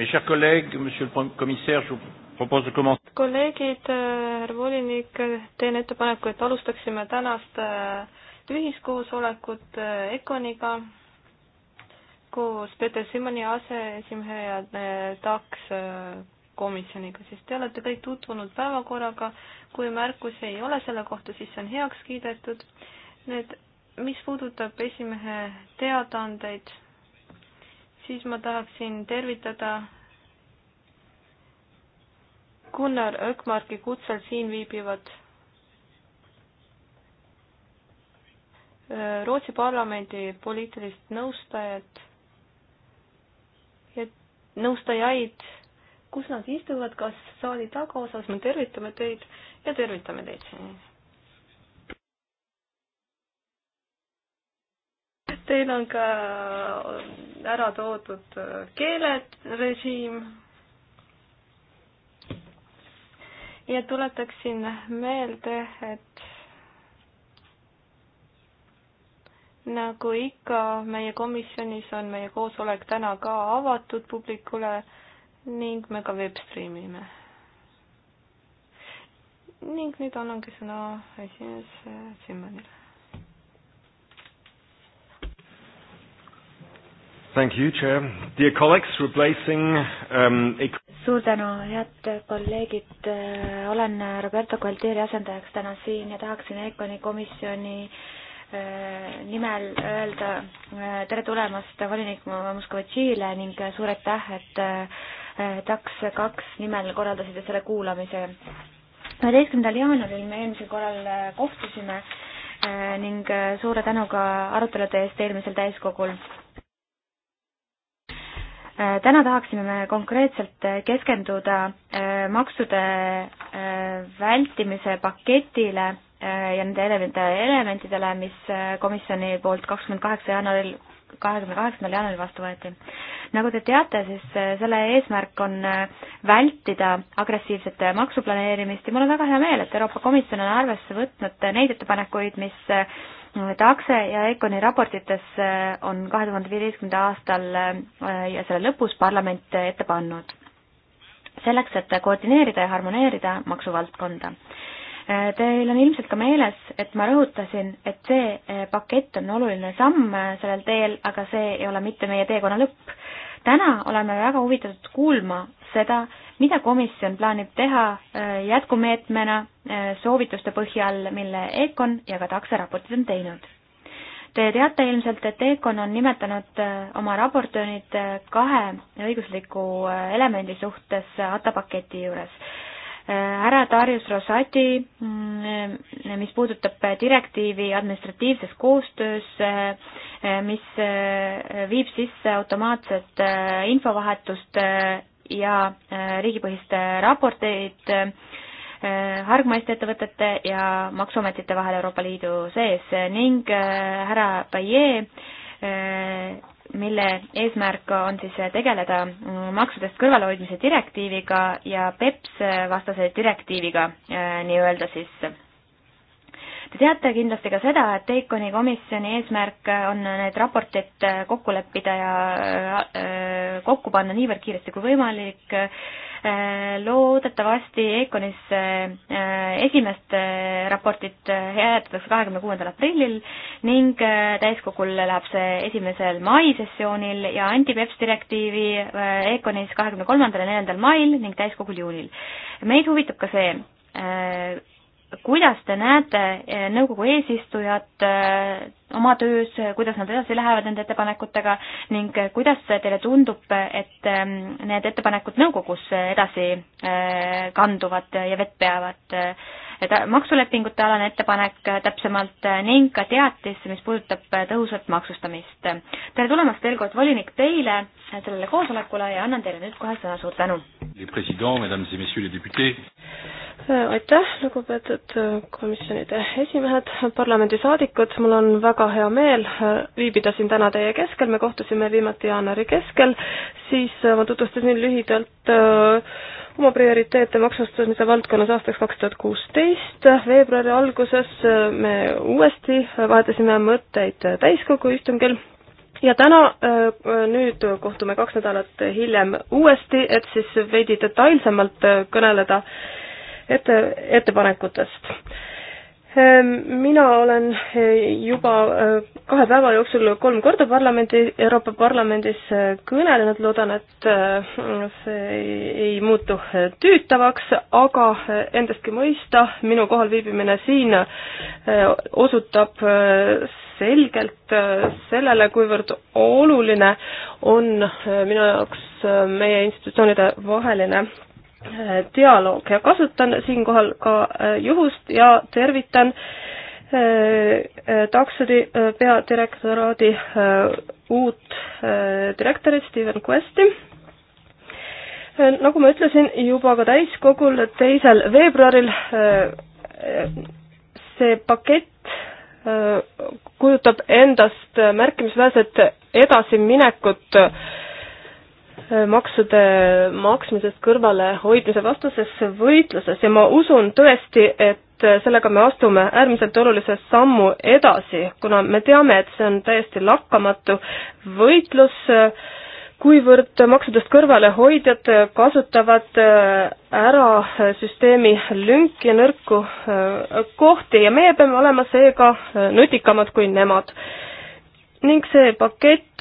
Mes chers collègues, monsieur le commissaire, je vous propose de commencer. kolleegid, äh, härra volinik, teen ettepaneku, et alustaksime tänast äh, ühiskoosolekut äh, EKONiga koos Peeter Simoni aseesimehe ja TAKS komisjoniga, sest te olete kõik tutvunud päevakorraga. kui märkusi ei ole selle kohta, siis see on heaks kiidetud. nüüd, mis puudutab esimehe teadaandeid siis ma tahaksin tervitada Gunnar Ökmarki kutsel siin viibivad äh, Rootsi parlamendi poliitilist nõustajat ja nõustajaid, kus nad istuvad, kas saali tagaosas, me tervitame teid ja tervitame teid siin Teil on ka äh, ära toodud äh, keelerežiim. ja tuletaksin meelde, et nagu ikka, meie komisjonis on meie koosolek täna ka avatud publikule ning me ka veebstriimime. ning nüüd annangi sõna esimees Simmonile. Äh, Thank you, Chair. Dear colleagues, replacing um, a... suur tänu, head kolleegid, äh, olen Roberto Gualtieri asendajaks täna siin ja tahaksin EKONi komisjoni äh, nimel öelda äh, tere tulemast volinik Moskovitšile ning suur aitäh, et TAKS kaks nimel korraldasite selle kuulamise. üheteistkümnendal jaanuaril me eelmisel korral kohtusime ning suure tänuga arutelude eest eelmisel täiskogul Äh, täna tahaksime me konkreetselt äh, keskenduda äh, maksude vältimise paketile ja nende elementidele, mis komisjoni poolt kakskümmend kaheksa jaanuaril kahekümne kaheksandal jaanuaril vastu võeti. nagu te teate, siis selle eesmärk on vältida agressiivset maksuplaneerimist ja mul on väga hea meel, et Euroopa Komisjon on arvesse võtnud neid ettepanekuid, mis takse ja EKONi raportites eh, on kahe tuhande viieteistkümnenda aastal eh, ja selle lõpus parlament ette pannud. selleks, et koordineerida ja harmoneerida maksuvaldkonda. Eh, teil on ilmselt ka meeles, et ma rõhutasin, et see pakett on oluline samm sellel teel, aga see ei ole mitte meie teekonna lõpp täna oleme väga huvitatud kuulma seda, mida komisjon plaanib teha äh, jätkumeetmena äh, soovituste põhjal, mille EKON ja ka takse raportid on teinud. Te teate ilmselt, et EKON on nimetanud äh, oma raportöörid kahe õigusliku elemendi suhtes ATA paketi juures Äh, ära Darius Rosati, mm, mis puudutab äh, direktiivi administratiivses koostöös, äh, mis viib sisse automaatset infovahetust ja riigipõhist raporteid hargmaiste ettevõtete ja maksuametite vahel Euroopa Liidu sees ning härra Paillet mille eesmärk on siis tegeleda maksudest kõrvalehoidmise direktiiviga ja PEPS vastase direktiiviga eh, nii-öelda siis Te teate kindlasti ka seda, et EIKONi komisjoni eesmärk on need raportid kokku leppida ja äh, kokku panna niivõrd kiiresti kui võimalik. Äh, loodetavasti EIKONis äh, esimest raportit hääletatakse kahekümne kuuendal aprillil ning täiskogul läheb see esimesel mai sessioonil ja anti-BEPS direktiivi EIKONis kahekümne kolmandal ja neljandal mail ning täiskogul juunil. meid huvitab ka see, kuidas te näete eh, nõukogu eesistujat eh, oma töös, eh, kuidas nad edasi lähevad nende ettepanekutega ning kuidas teile tundub, et ehm, need ettepanekud nõukogus edasi kanduvad ja vett peavad? maksulepingute alane ettepanek täpsemalt ning ka teatis, mis puudutab tõhusat maksustamist. tere tulemast veel kord, volinik, teile sellele koosolekule ja annan teile nüüd kohe sõna, suur tänu! aitäh, lugupeetud komisjonide esimehed, parlamendisaadikud, mul on väga hea meel äh, viibida siin täna teie keskel, me kohtusime viimati jaanuari keskel, siis äh, ma tutvustasin lühidalt äh, oma prioriteete maksustamise valdkonnas aastaks kaks tuhat kuusteist, veebruari alguses me uuesti vahetasime mõtteid täiskogu istungil ja täna nüüd kohtume kaks nädalat hiljem uuesti, et siis veidi detailsemalt kõneleda äh, ette, ettepanekutest. Ehm, mina olen eh, juba eh, kahe päeva jooksul kolm korda parlamendi, Euroopa Parlamendis eh, kõnelenud, loodan, et see ei muutu tüütavaks, aga endastki mõista, minu kohal viibimine siin osutab selgelt sellele, kuivõrd oluline on minu jaoks meie institutsioonide vaheline dialoog ja kasutan siinkohal ka äh, juhust ja tervitan äh, äh, taksodi peadirektoraadi uut direktorit Steven Questi. nagu ma ütlesin juba ka täiskogul teisel veebruaril, see pakett kujutab endast märkimisväärset edasiminekut Äh, maksude maksmisest kõrvalehoidmise vastasesse võitluses ja ma usun tõesti, et äh, sellega me astume äärmiselt olulise sammu edasi, kuna me teame, et see on täiesti lakkamatu võitlus, äh, kuivõrd maksudest kõrvalehoidjad kasutavad ära süsteemi lünki ja nõrku kohti ja meie peame olema seega nutikamad kui nemad. ning see pakett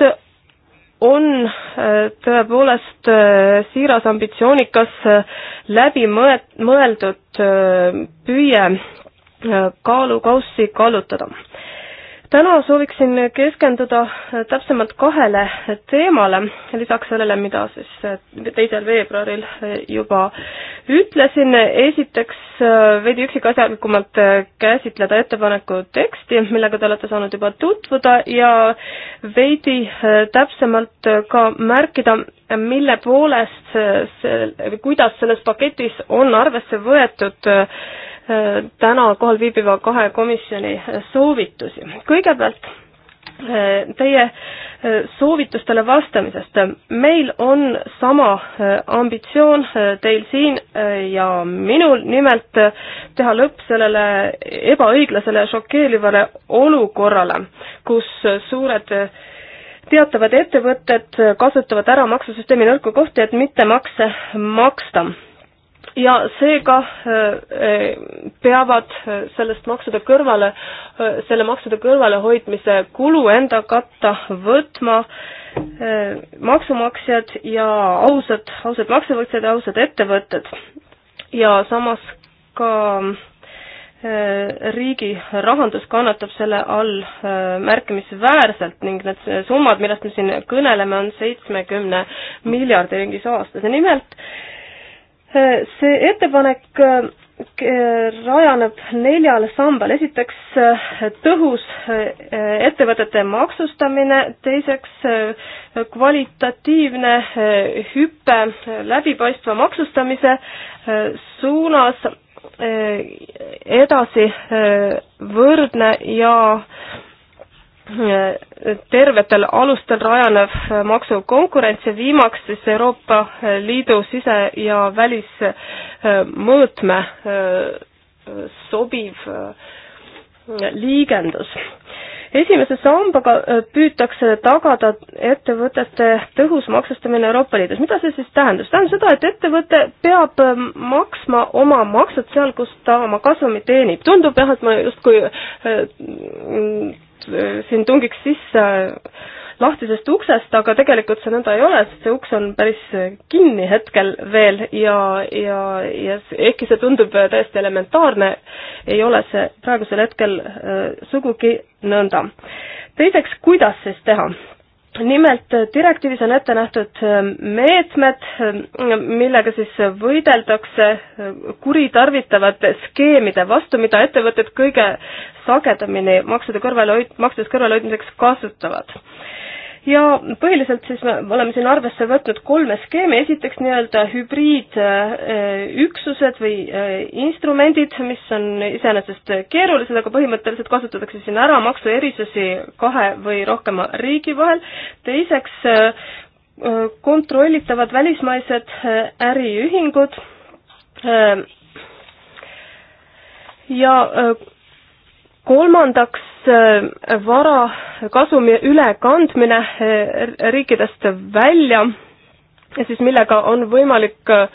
on äh, tõepoolest äh, siiras ambitsioonikas äh, läbimõe-, mõeldud püüe kaalukaussi kallutada täna sooviksin keskenduda äh, täpsemalt kahele teemale, lisaks sellele, mida siis äh, teisel veebruaril äh, juba ütlesin. esiteks veidi üksikasjalikumalt käsitleda ettepaneku teksti, millega te olete saanud juba tutvuda ja veidi täpsemalt ka märkida, mille poolest see, kuidas selles paketis on arvesse võetud äh, täna kohal viibiva kahe komisjoni soovitusi. kõigepealt eh, teie eh, soovitustele vastamisest. meil on sama eh, ambitsioon teil siin ja minul, nimelt teha lõpp sellele ebaõiglasele ja šokeerivale olukorrale, kus suured teatavad ettevõtted kasutavad ära maksusüsteemi nõrku kohti, et mitte makse maksta ja seega äh, äh, peavad äh, sellest maksude kõrvale, selle maksude kõrvalehoidmise kulu enda katta võtma maksumaksjad ja ausad, ausad maksevõtjad ja ausad ettevõtted. ja samas ka riigi rahandus kannatab selle all märkimisväärselt ning need summad, millest me siin kõneleme, on seitsmekümne miljardi ringis aastas ja nimelt äh, see ettepanek äh, rajaneb neljal sambal, esiteks äh, tõhus äh, ettevõtete maksustamine, teiseks kvalitatiivne hüpe läbipaistva maksustamise suunas, edasi võrdne ja tervetel alustel rajanev maksukonkurents ja viimaks siis Euroopa Liidu sise- ja välismõõtme äh, sobiv äh, liigendus. esimese sambaga äh, püütakse tagada ettevõtete tõhus maksustamine Euroopa Liidus. mida see siis tähendas? tähendab seda, et ettevõte peab maksma oma maksud seal, kus ta oma kasumi teenib. tundub jah, et ma justkui Äh, siin tungiks sisse lahtisest uksest, aga tegelikult see nõnda ei ole, sest see uks on päris kinni hetkel veel ja, ja, ja ehkki see tundub äh, täiesti elementaarne, ei ole see praegusel hetkel äh, sugugi nõnda. teiseks, kuidas siis teha? nimelt direktiivis on ette nähtud äh, meetmed, äh, millega siis võideldakse äh, kuritarvitavate skeemide vastu, mida ettevõtted kõige sagedamini maksude kõrvalehoid-, maksudest kõrvalehoidmiseks kasutavad ja põhiliselt siis me oleme siin arvesse võtnud kolme skeemi, esiteks nii-öelda hübriidüksused äh, või äh, instrumendid, mis on iseenesest keerulised, aga põhimõtteliselt kasutatakse siin ära maksuerisusi kahe või rohkema riigi vahel, teiseks äh, kontrollitavad välismaised äriühingud ja kolmandaks, äh, vara kasumi ülekandmine äh, riikidest välja, siis millega on võimalik äh,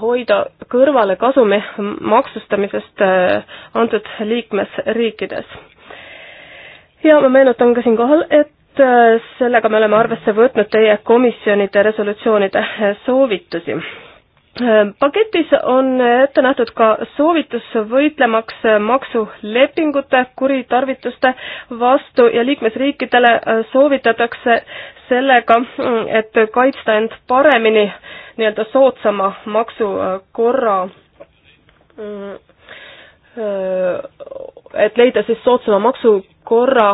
hoida kõrvale kasumi maksustamisest antud liikmesriikides. ja ma meenutan ka siinkohal, et sellega me oleme arvesse võtnud teie komisjonide resolutsioonide soovitusi Äh, paketis on ette nähtud ka soovitus võitlemaks maksulepingute kuritarvituste vastu ja liikmesriikidele äh, soovitatakse sellega, mm, et kaitsta end paremini nii-öelda soodsama maksukorra mm, äh, et leida siis soodsama maksu korra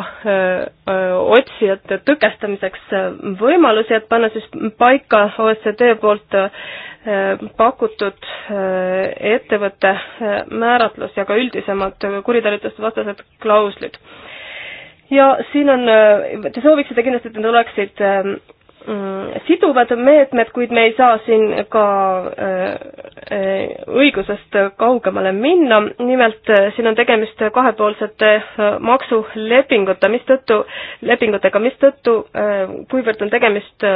otsijate tõkestamiseks võimalusi, et panna siis paika OECD poolt pakutud ettevõtte määratlus ja ka üldisemad kuritarvituste vastased klauslid. ja siin on, te sooviksite kindlasti, et need oleksid Mm, siduvad meetmed, kuid me ei saa siin ka äh, äh, õigusest kaugemale minna, nimelt äh, siin on tegemist kahepoolsete maksulepingute, mistõttu, lepingutega, mistõttu kuivõrd on tegemist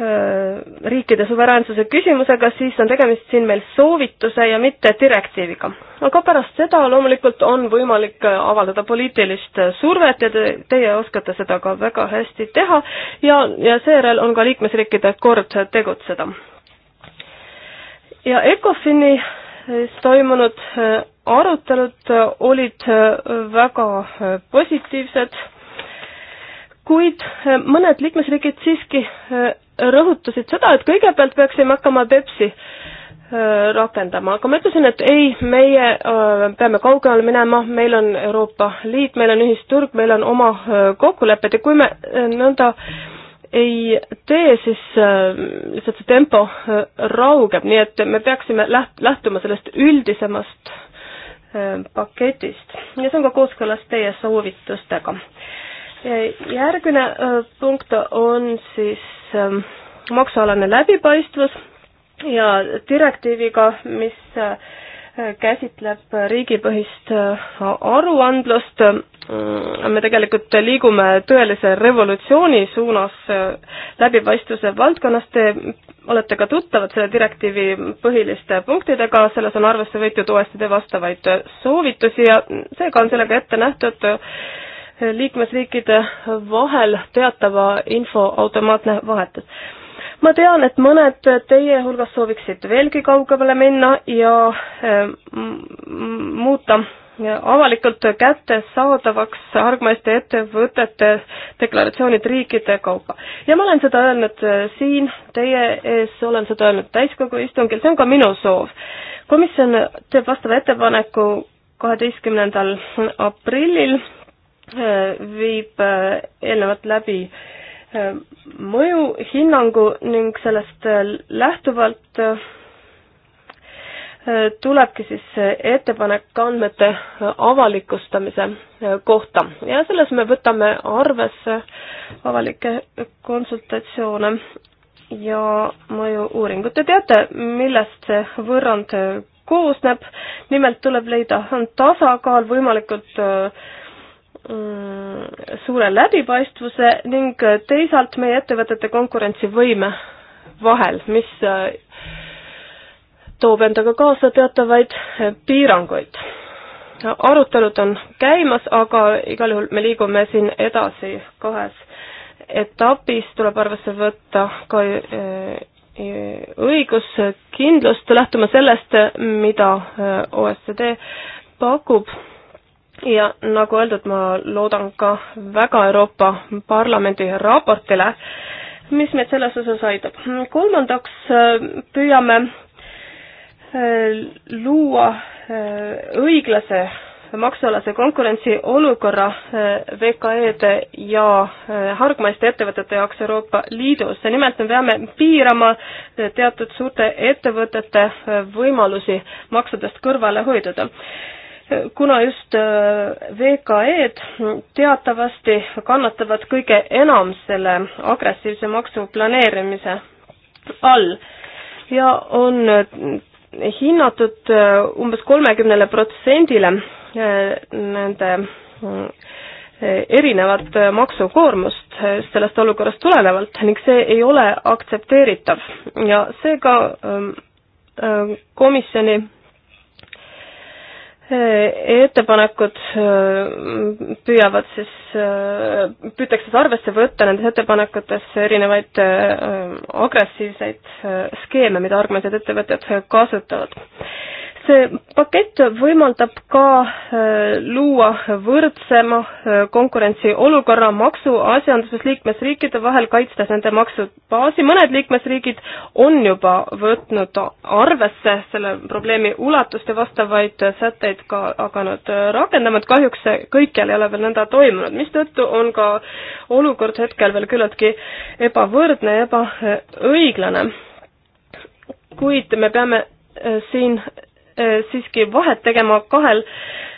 Äh, riikide suveräänsuse küsimusega, siis on tegemist siin meil soovituse ja mitte direktiiviga. aga pärast seda loomulikult on võimalik äh, avaldada poliitilist äh, survet ja te, teie oskate seda ka väga hästi teha ja, ja seejärel on ka liikmesriikide kord tegutseda. ja ECOFIN-i toimunud arutelud olid väga positiivsed, kuid mõned liikmesriigid siiski rõhutasid seda, et kõigepealt peaksime hakkama Pepsi rakendama, aga ma ütlesin, et ei, meie peame kaugemale minema, meil on Euroopa Liit, meil on ühisturg, meil on oma kokkulepped ja kui me nõnda ei tee, siis lihtsalt see tempo raugeb, nii et me peaksime läht-, lähtuma sellest üldisemast paketist ja see on ka kooskõlas teie soovitustega. järgmine punkt on siis siis ähm, maksualane läbipaistvus ja direktiiviga, mis äh, käsitleb riigipõhist äh, aruandlust. Äh, me tegelikult liigume tõelise revolutsiooni suunas läbipaistvuse valdkonnas. Te olete ka tuttavad selle direktiivi põhiliste punktidega, selles on arvesse võetud OSCD vastavaid soovitusi ja seega on sellega ette nähtud liikmesriikide vahel teatava info automaatne vahetus. ma tean, et mõned teie hulgas sooviksid veelgi kaugemale minna ja ehm, muuta avalikult kättesaadavaks hargmaiste ettevõtete deklaratsioonid riikide kaupa. ja ma olen seda öelnud eh, siin teie ees, olen seda öelnud täiskogu istungil, see on ka minu soov. komisjon teeb vastava ettepaneku kaheteistkümnendal aprillil Äh, viib äh, eelnevalt läbi äh, mõjuhinnangu ning sellest lähtuvalt tulebki siis ettepanek andmete avalikustamise kohta ja selles me võtame arvesse avalikke konsultatsioone ja mõju-uuringut. Te teate, millest see võrrand koosneb, nimelt tuleb leida tasakaal võimalikult äh, Mm, suure läbipaistvuse ning äh, teisalt meie ettevõtete konkurentsivõime vahel, mis äh, toob endaga kaasa teatavaid äh, piiranguid. arutelud on käimas, aga igal juhul me liigume siin edasi kahes etapis, tuleb arvesse võtta ka õiguskindlust, lähtuma sellest, mida OSCD pakub ja nagu öeldud, ma loodan ka väga Euroopa Parlamendi raportile, mis meid selles osas aitab. kolmandaks äh, püüame äh, luua äh, õiglase maksualase konkurentsi olukorra VKE-de ja hargmaiste ettevõtete jaoks Euroopa Liidus. nimelt me peame piirama teatud suurte ettevõtete võimalusi maksudest kõrvale hoiduda kuna just äh, VKE-d teatavasti kannatavad kõige enam selle agressiivse maksuplaneerimise all ja on äh, hinnatud äh, umbes kolmekümnele protsendile nende erinevat maksukoormust sellest olukorrast tulenevalt ning see ei ole aktsepteeritav ja seega ähm, komisjoni Äh, ettepanekud äh, püüavad siis, äh, püütakse siis arvesse võtta nendes ettepanekutes erinevaid agressiivseid skeeme, mida armasad ettevõtted kasutavad see pakett võimaldab ka äh, luua võrdsema äh, konkurentsiolukorra maksuasjanduses liikmesriikide vahel, kaitstes nende maksubaasi. mõned liikmesriigid on juba võtnud arvesse selle probleemi ulatust ja vastavaid sätteid ka hakanud äh, rakendama, et kahjuks see kõikjal ei ole veel nõnda toimunud, mistõttu on ka olukord hetkel veel küllaltki ebavõrdne ja ebaõiglane. kuid me peame siin Äh, siiski vahet tegema kahel,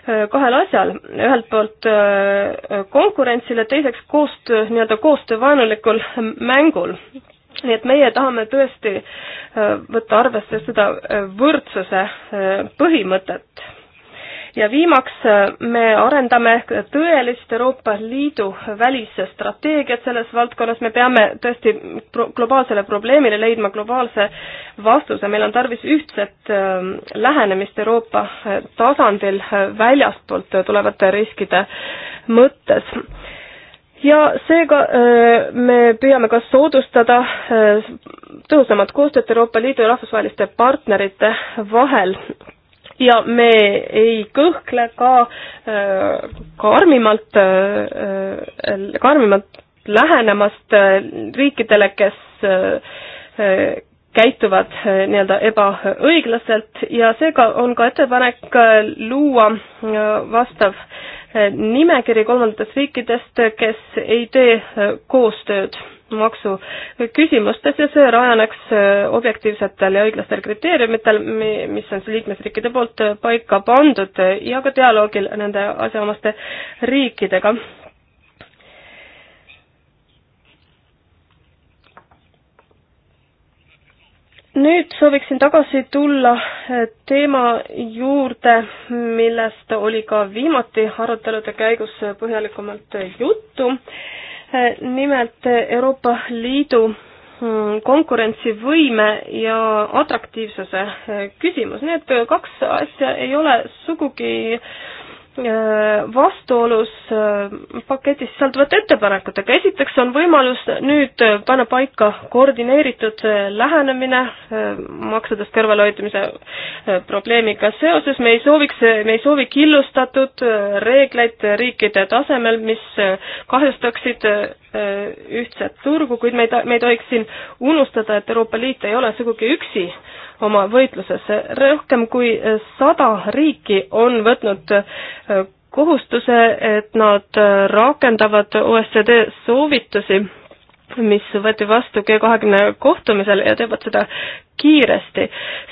äh, kahel asjal. ühelt poolt äh, konkurentsile, teiseks koostöö, nii-öelda koostöövaenulikul mängul. nii et meie tahame tõesti võtta arvesse seda võrdsuse põhimõtet ja viimaks äh, me arendame tõelist Euroopa Liidu välisstrateegiat selles valdkonnas, me peame tõesti pro globaalsele probleemile leidma globaalse vastuse, meil on tarvis ühtset ähm, lähenemist Euroopa äh, tasandil äh, väljastpoolt tulevate riskide mõttes ja seega me püüame ka soodustada tõhusamat koostööd Euroopa Liidu ja rahvusvaheliste partnerite vahel ja me ei kõhkle ka karmimalt äh, ka, karmimalt äh, äh, lähenemast riikidele, kes käituvad nii-öelda ebaõiglaselt ja seega on ka ettepanek luua vastav nimekiri kolmandatest riikidest, kes ei tee koostööd maksu küsimustes ja see rajaneks äh, objektiivsetel ja õiglastel kriteeriumitel, mis on siis liikmesriikide poolt äh, paika pandud äh, ja ka dialoogil nende asjaomaste riikidega. nüüd sooviksin tagasi tulla teema juurde, millest oli ka viimati arutelude käigus põhjalikumalt juttu Äh, nimelt äh, Euroopa Liidu mm, konkurentsivõime ja atraktiivsuse äh, küsimus, need kaks asja ei ole sugugi Äh, vastuolus äh, paketis sisalduvate ettepanekutega. esiteks on võimalus nüüd äh, panna paika koordineeritud lähenemine maksudest kõrvalehoidmise probleemiga seoses. me ei sooviks, me ei soovi killustatud reegleid riikide tasemel, mis kahjustaksid ühtset turgu, kuid me ei ta-, me ei tohiks siin unustada, et Euroopa Liit ei ole sugugi üksi oma võitluses. rohkem kui sada riiki on võtnud kohustuse, et nad rakendavad OSCD soovitusi, mis võeti vastu G kahekümne kohtumisel ja teevad seda kiiresti.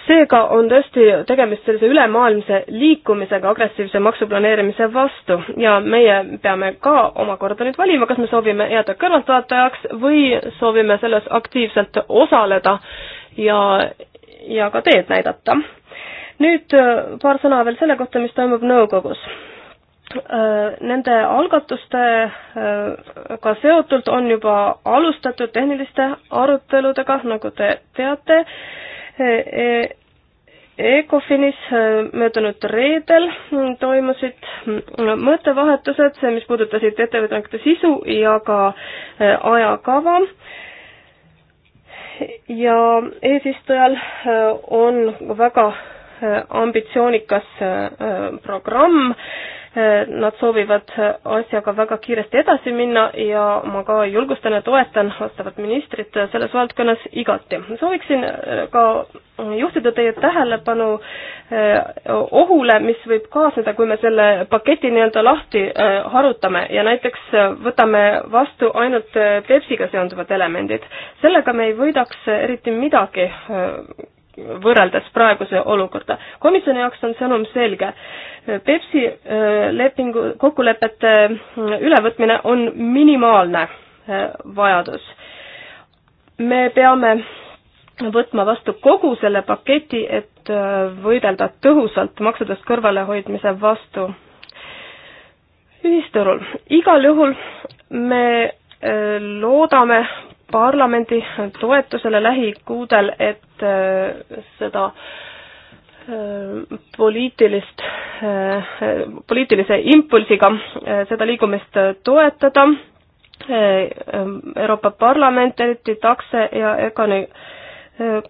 seega on tõesti tegemist sellise ülemaailmse liikumisega agressiivse maksuplaneerimise vastu ja meie peame ka omakorda nüüd valima, kas me soovime jääda kõrvaltvaatajaks või soovime selles aktiivselt osaleda ja, ja ka teed näidata nüüd äh, paar sõna veel selle kohta, mis toimub nõukogus. Äh, nende algatustega äh, seotult on juba alustatud tehniliste aruteludega, nagu te teate e. ECOFINis möödunud reedel toimusid mõttevahetused, mis puudutasid ettevõtmete sisu ja ka ajakava ja eesistujal on väga ambitsioonikas äh, programm, äh, nad soovivad asjaga väga kiiresti edasi minna ja ma ka julgustan ja toetan vastavat ministrit selles valdkonnas igati. sooviksin äh, ka juhtida teie tähelepanu ohule, mis võib kaasneda, kui me selle paketi nii-öelda lahti harutame ja näiteks võtame vastu ainult Pepsiga seonduvad elemendid. sellega me ei võidaks eriti midagi võrreldes praeguse olukorda. komisjoni jaoks on sõnum selge. Pepsi äh, lepingu, kokkulepete mm, ülevõtmine on minimaalne äh, vajadus. me peame võtma vastu kogu selle paketi, et äh, võidelda tõhusalt maksudest kõrvalehoidmise vastu ühisturul. igal juhul me loodame parlamendi toetusele lähikuudel, et äh, seda äh, poliitilist, äh, poliitilise impulsiga seda liikumist toetada. Euroopa Parlament, eriti takse ja Econi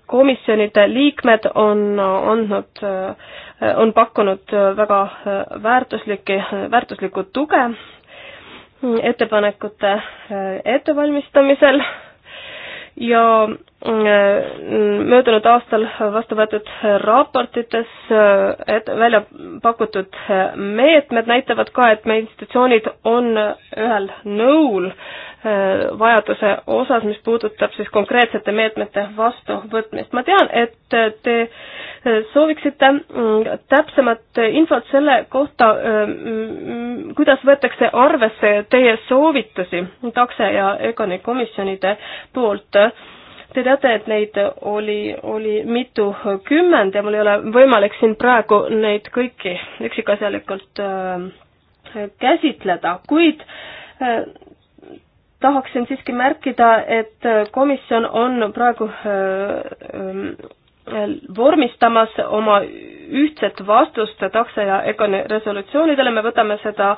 komisjonide liikmed on andnud, on pakkunud väga väärtuslikke, väärtuslikku tuge ettepanekute ettevalmistamisel ja mm, möödunud aastal vastu võetud raportites eh, et välja pakutud eh, meetmed näitavad ka, et meie institutsioonid on eh, ühel nõul äh, Äh, vajaduse osas, mis puudutab siis konkreetsete meetmete vastuvõtmist. ma tean, et äh, te äh, sooviksite mm, täpsemat infot selle kohta, mm, kuidas võetakse arvesse teie soovitusi takse ja EGONi komisjonide poolt Te teate, et neid oli, oli mitukümmend ja mul ei ole võimalik siin praegu neid kõiki üksikasjalikult äh, käsitleda, kuid äh, tahaksin siiski märkida, et komisjon on praegu äh, ähm, vormistamas oma ühtset vastust takse ja EKONi resolutsioonidele, me võtame seda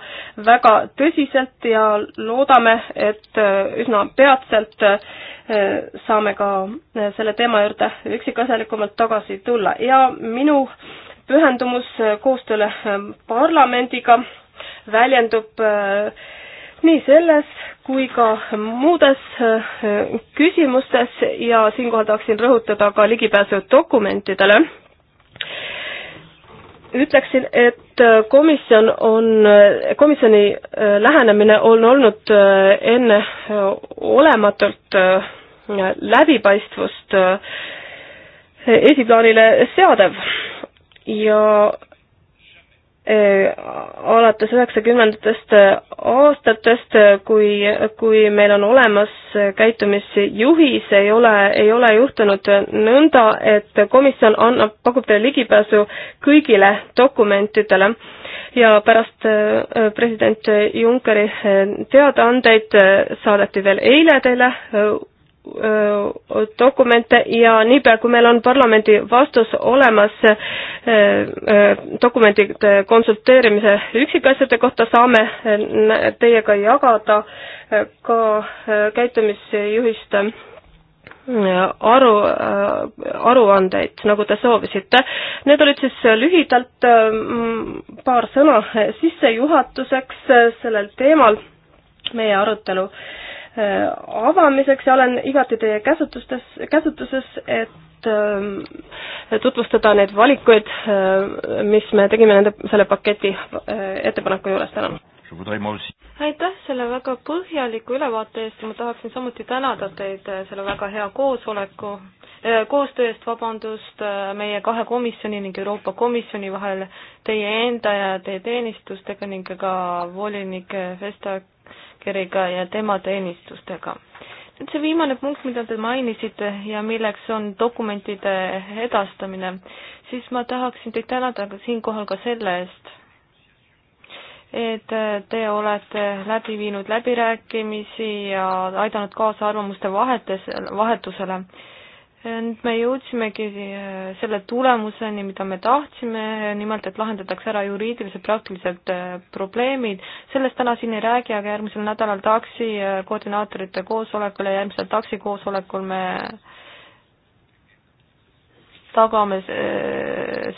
väga tõsiselt ja loodame, et äh, üsna peatselt äh, saame ka selle teema juurde üksikasjalikumalt tagasi tulla ja minu pühendumus koostööle parlamendiga väljendub äh, nii selles kui ka muudes äh, küsimustes ja siinkohal tahaksin rõhutada ka ligipääsu dokumentidele. ütleksin, et äh, komisjon on, äh, komisjoni lähenemine on olnud enneolematult läbipaistvust esiplaanile seadev ja Äh, alates üheksakümnendatest äh, aastatest, äh, kui, kui meil on olemas käitumisjuhis, ei ole, ei ole juhtunud nõnda, et komisjon annab, pakub teile ligipääsu kõigile dokumentidele ja pärast president Junckeri teadaandeid saadeti veel eile teile Äh, dokumente ja niipea, kui meil on parlamendi vastus olemas äh, äh, dokumentide konsulteerimise üksikasjade kohta, saame teiega jagada ka käitumisjuhist aru, aruandeid, nagu te soovisite. Need olid siis lühidalt paar sõna sissejuhatuseks sellel teemal, meie arutelu äh, Äh, avamiseks ja olen igati teie käsutustes, käsutuses, et ähm, tutvustada neid valikuid, äh, mis me tegime nende, selle paketi äh, ettepaneku juures, tänan! aitäh selle väga põhjaliku ülevaate eest ja ma tahaksin samuti tänada teid selle väga hea koosoleku, koostöö eest, vabandust, meie kahe komisjoni ning Euroopa Komisjoni vahel, teie enda ja teie teenistustega ning ka volinik Vesta Keriga ja tema teenistustega. nüüd see viimane punkt, mida te mainisite ja milleks on dokumentide edastamine, siis ma tahaksin teid tänada siinkohal ka selle eest, et te olete läbi viinud läbirääkimisi ja aidanud kaasa arvamuste vahetes, vahetusele nüüd me jõudsimegi äh, selle tulemuseni, mida me tahtsime, nimelt et lahendatakse ära juriidilised praktilised äh, probleemid. sellest täna siin ei räägi, aga järgmisel nädalal taksi äh, koordinaatorite koosolekul ja järgmisel taksi koosolekul me tagame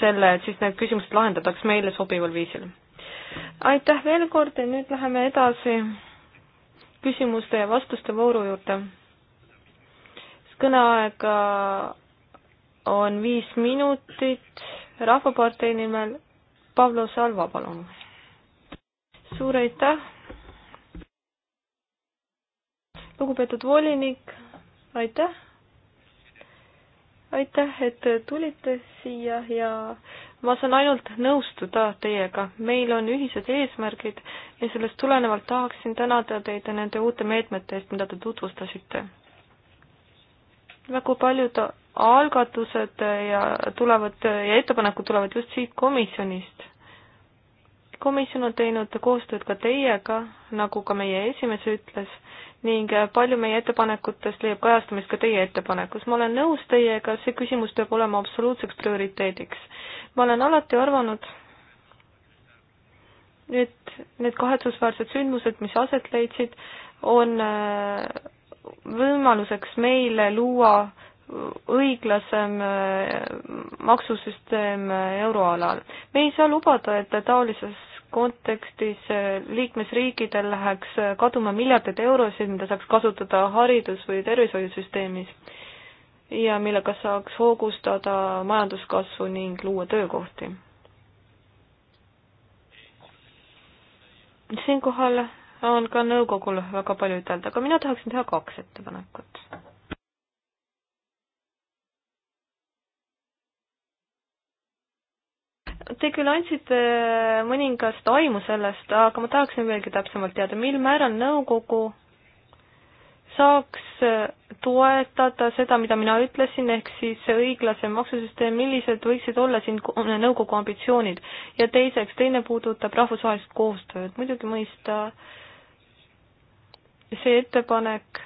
selle, et siis need küsimused lahendatakse meile sobival viisil. aitäh veel kord ja nüüd läheme edasi küsimuste ja vastuste vooru juurde kõneaega on viis minutit Rahvapartei nimel Pavlo Salva, palun. suur aitäh. lugupeetud volinik, aitäh. aitäh, et tulite siia ja ma saan ainult nõustuda teiega, meil on ühised eesmärgid ja sellest tulenevalt tahaksin tänada teid nende uute meetmete eest, mida te tutvustasite väga paljud algatused ja tulevad ja ettepanekud tulevad just siit komisjonist. komisjon on teinud koostööd ka teiega, nagu ka meie esimees ütles, ning palju meie ettepanekutest leiab kajastamist ka teie ettepanekus. ma olen nõus teiega, see küsimus peab olema absoluutseks prioriteediks. ma olen alati arvanud, et need kahetsusväärsed sündmused, mis aset leidsid, on võimaluseks meile luua õiglasem äh, maksusüsteem äh, euroalal. me ei saa lubada, et taolises kontekstis äh, liikmesriikidel läheks kaduma miljardeid eurosid, mida saaks kasutada haridus- või tervishoiusüsteemis ja millega saaks hoogustada majanduskasvu ning luua töökohti. siinkohal on ka nõukogul väga palju ütelda, aga mina tahaksin teha kaks ettepanekut. Te küll andsite mõningast aimu sellest, aga ma tahaksin veelgi täpsemalt teada, mil määral nõukogu saaks toetada seda, mida mina ütlesin, ehk siis õiglase maksusüsteem, millised võiksid olla siin nõukogu ambitsioonid. ja teiseks, teine puudutab rahvusvahelist koostööd, muidugi mõista äh, see ettepanek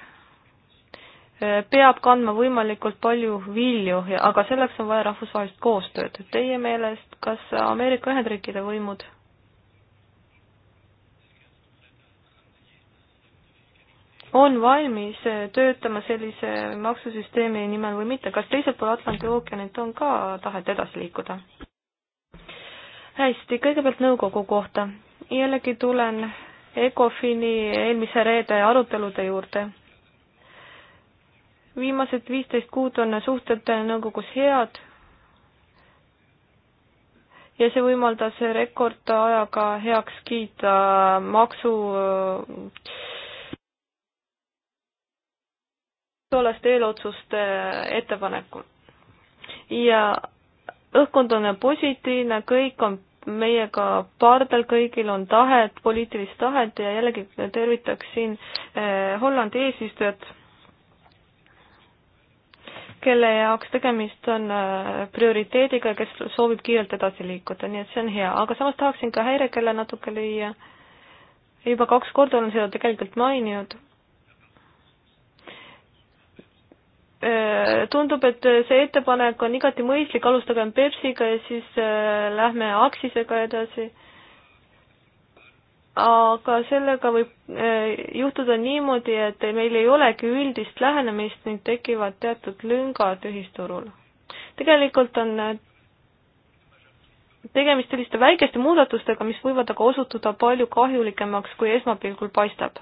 äh, peab kandma võimalikult palju vilju, aga selleks on vaja rahvusvahelist koostööd. Teie meelest, kas Ameerika Ühendriikide võimud on valmis äh, töötama sellise maksusüsteemi nimel või mitte, kas teisel pool Atlandi ookeanit on ka tahet edasi liikuda? hästi, kõigepealt nõukogu kohta. jällegi tulen ECOFIN-i eelmise reede arutelude juurde. viimased viisteist kuud on suhted nõukogus head ja see võimaldas rekordajaga heaks kiita maksu tollest eelotsuste ettepanekul. ja õhkkond on positiivne, kõik on meiega pardal, kõigil on tahet, poliitilist tahet ja jällegi tervitaksin eh, Hollandi eesistujat, kelle jaoks tegemist on eh, prioriteediga, kes soovib kiirelt edasi liikuda, nii et see on hea, aga samas tahaksin ka häirekella natuke lüüa. juba kaks korda olen seda tegelikult maininud Äh, tundub, et see ettepanek on igati mõistlik, alustagem Pepsiga ja siis äh, lähme Axisega edasi. aga sellega võib äh, juhtuda niimoodi, et meil ei olegi üldist lähenemist ning tekivad teatud lüngad ühisturul. tegelikult on tegemist selliste väikeste muudatustega, mis võivad aga osutuda palju kahjulikemaks, kui esmapilgul paistab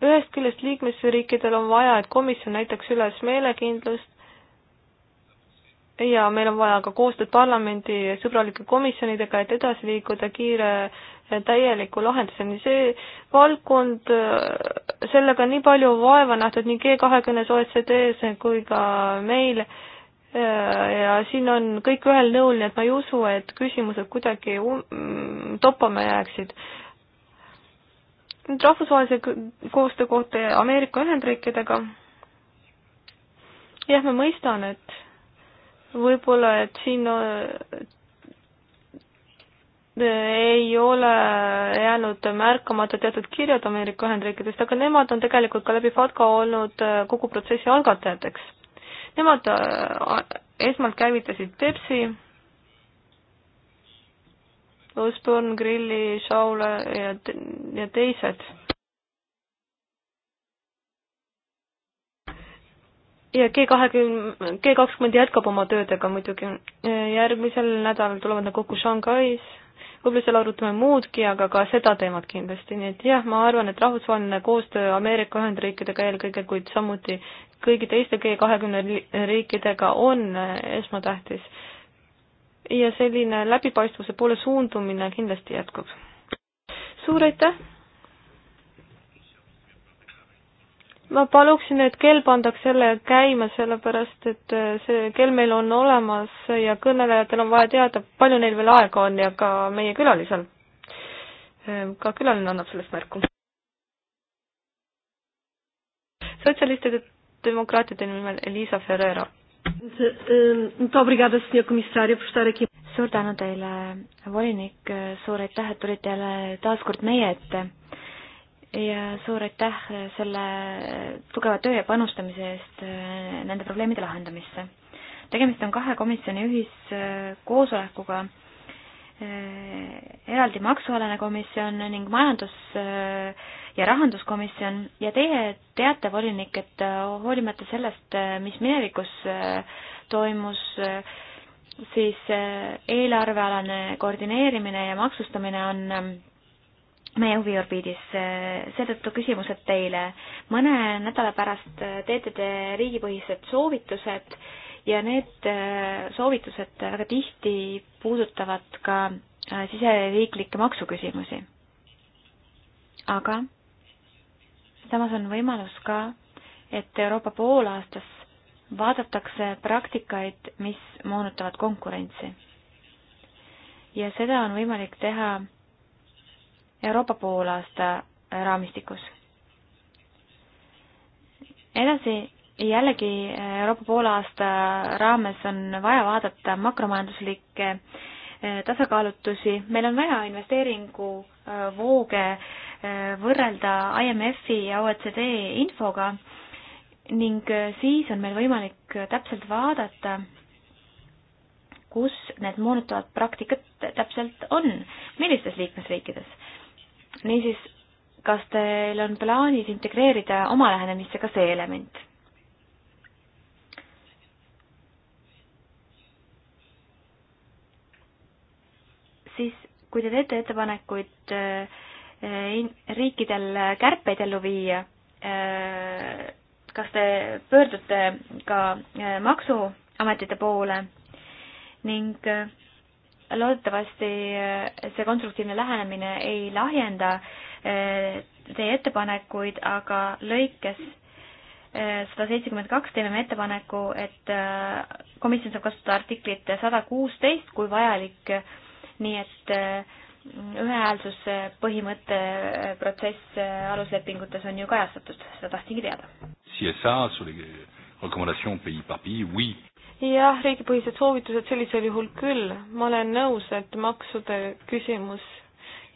ühest küljest liikmesriikidel on vaja, et komisjon näitaks üles meelekindlust ja meil on vaja ka koostööd parlamendi sõbralike komisjonidega, et edasi liikuda kiire täieliku lahenduseni. see valdkond, äh, sellega on nii palju vaeva nähtud nii G20-s, OECD-s kui ka meil äh, ja siin on kõik ühel nõul, nii et ma ei usu, et küsimused kuidagi mm, toppama jääksid nüüd rahvusvahelise koostöö kohta Ameerika Ühendriikidega. jah, ma mõistan, et võib-olla, et siin ei ole jäänud märkamata teatud kirjad Ameerika Ühendriikidest, aga nemad on tegelikult ka läbi FATCA olnud äh, kogu protsessi algatajateks. Nemad äh, esmalt käivitasid Pepsi Osborne, Grilli, Shaule ja, ja teised. ja G kahekümne, G kakskümmend jätkab oma töödega muidugi. järgmisel nädalal tulevad nad kokku Shanghais, võib-olla seal arutame muudki, aga ka seda teemat kindlasti, nii et jah, ma arvan, et rahvusvaheline koostöö Ameerika Ühendriikidega eelkõige, kuid samuti kõigi teiste G kahekümne riikidega on esmatähtis ja selline läbipaistvuse poole suundumine kindlasti jätkub. suur aitäh! ma paluksin, et kell pandaks jälle käima, sellepärast et äh, see kell meil on olemas ja kõnelejatel on vaja teada, palju neil veel aega on ja ka meie külalisel. Äh, ka külaline annab sellest märku. sotsialistide demokraatide nimel Elisa Ferreira Ehm, suur tänu teile, volinik, suur aitäh, et tulite jälle taas kord meie ette ja suur aitäh selle tugeva töö ja panustamise eest eh, nende probleemide lahendamisse. tegemist on kahe komisjoni ühiskoosolekuga, eh, eraldi maksualane komisjon ning majandus- eh, ja rahanduskomisjon ja teie teate, volinik, et äh, hoolimata sellest, äh, mis minevikus äh, toimus, siis eelarvealane koordineerimine ja maksustamine on ähm, meie huviorbiidis. seetõttu küsimused teile. mõne nädala pärast teete te riigipõhised soovitused ja need soovitused väga tihti puudutavad ka siseriiklikke maksuküsimusi. aga samas on võimalus ka, et Euroopa poolaastas vaadatakse praktikaid, mis moonutavad konkurentsi. ja seda on võimalik teha Euroopa poolaasta raamistikus. edasi jällegi Euroopa poolaasta raames on vaja vaadata makromajanduslikke eh, tasakaalutusi, meil on vaja investeeringuvooge eh, äh, Eh, võrrelda IMF-i ja OECD infoga ning eh, siis on meil võimalik eh, täpselt vaadata, kus need moonutavad praktikad täpselt on, millistes liikmesriikides. niisiis, kas teil on plaanis integreerida oma lähenemisse ka see element? siis, kui te teete ettepanekuid et Eh, riikidel kärpeid ellu viia. Eh, kas te pöördute ka eh, maksuametite poole ning loodetavasti see konstruktiivne lähenemine ei lahjenda teie ettepanekuid, aga lõikes sada seitsekümmend kaks teeme me ettepaneku, et komisjon saab kasutada artiklit sada kuusteist, kui vajalik, nii et äh, ühehäälsuse põhimõtte äh, protsess äh, aluslepingutes on ju kajastatud, seda tahtsingi teada. Euh, jah, riigipõhised soovitused sellisel juhul küll, ma olen nõus, et maksude küsimus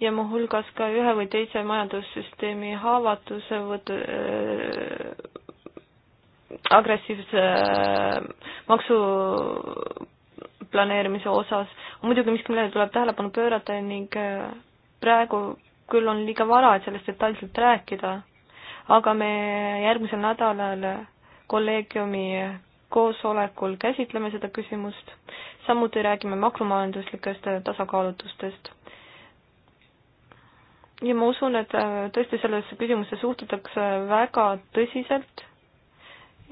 ja muuhulgas ka ühe või teise majandussüsteemi haavatuse võt- äh,, agressiivse äh, maksu planeerimise osas on muidugi miski, millele tuleb tähelepanu pöörata ning äh, praegu küll on liiga vara, et sellest detailselt rääkida, aga me järgmisel nädalal kolleegiumi koosolekul käsitleme seda küsimust, samuti räägime makromajanduslikest tasakaalutustest. ja ma usun, et äh, tõesti sellesse küsimusse suhtutakse väga tõsiselt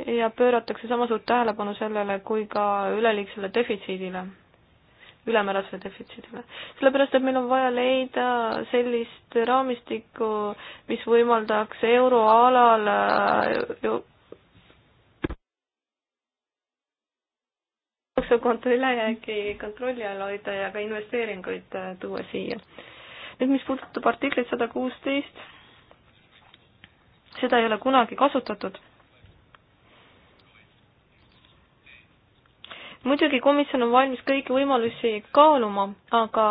ja pööratakse sama suurt tähelepanu sellele kui ka üleliigsele defitsiidile, ülemäärasele defitsiidile. sellepärast, et meil on vaja leida sellist raamistikku, mis võimaldaks euroalal äh, jooksukonto ülejäägi kontrolli all hoida ja ka investeeringuid äh, tuua siia. nüüd, mis puudutab artiklit sada kuusteist, seda ei ole kunagi kasutatud muidugi komisjon on valmis kõiki võimalusi kaaluma, aga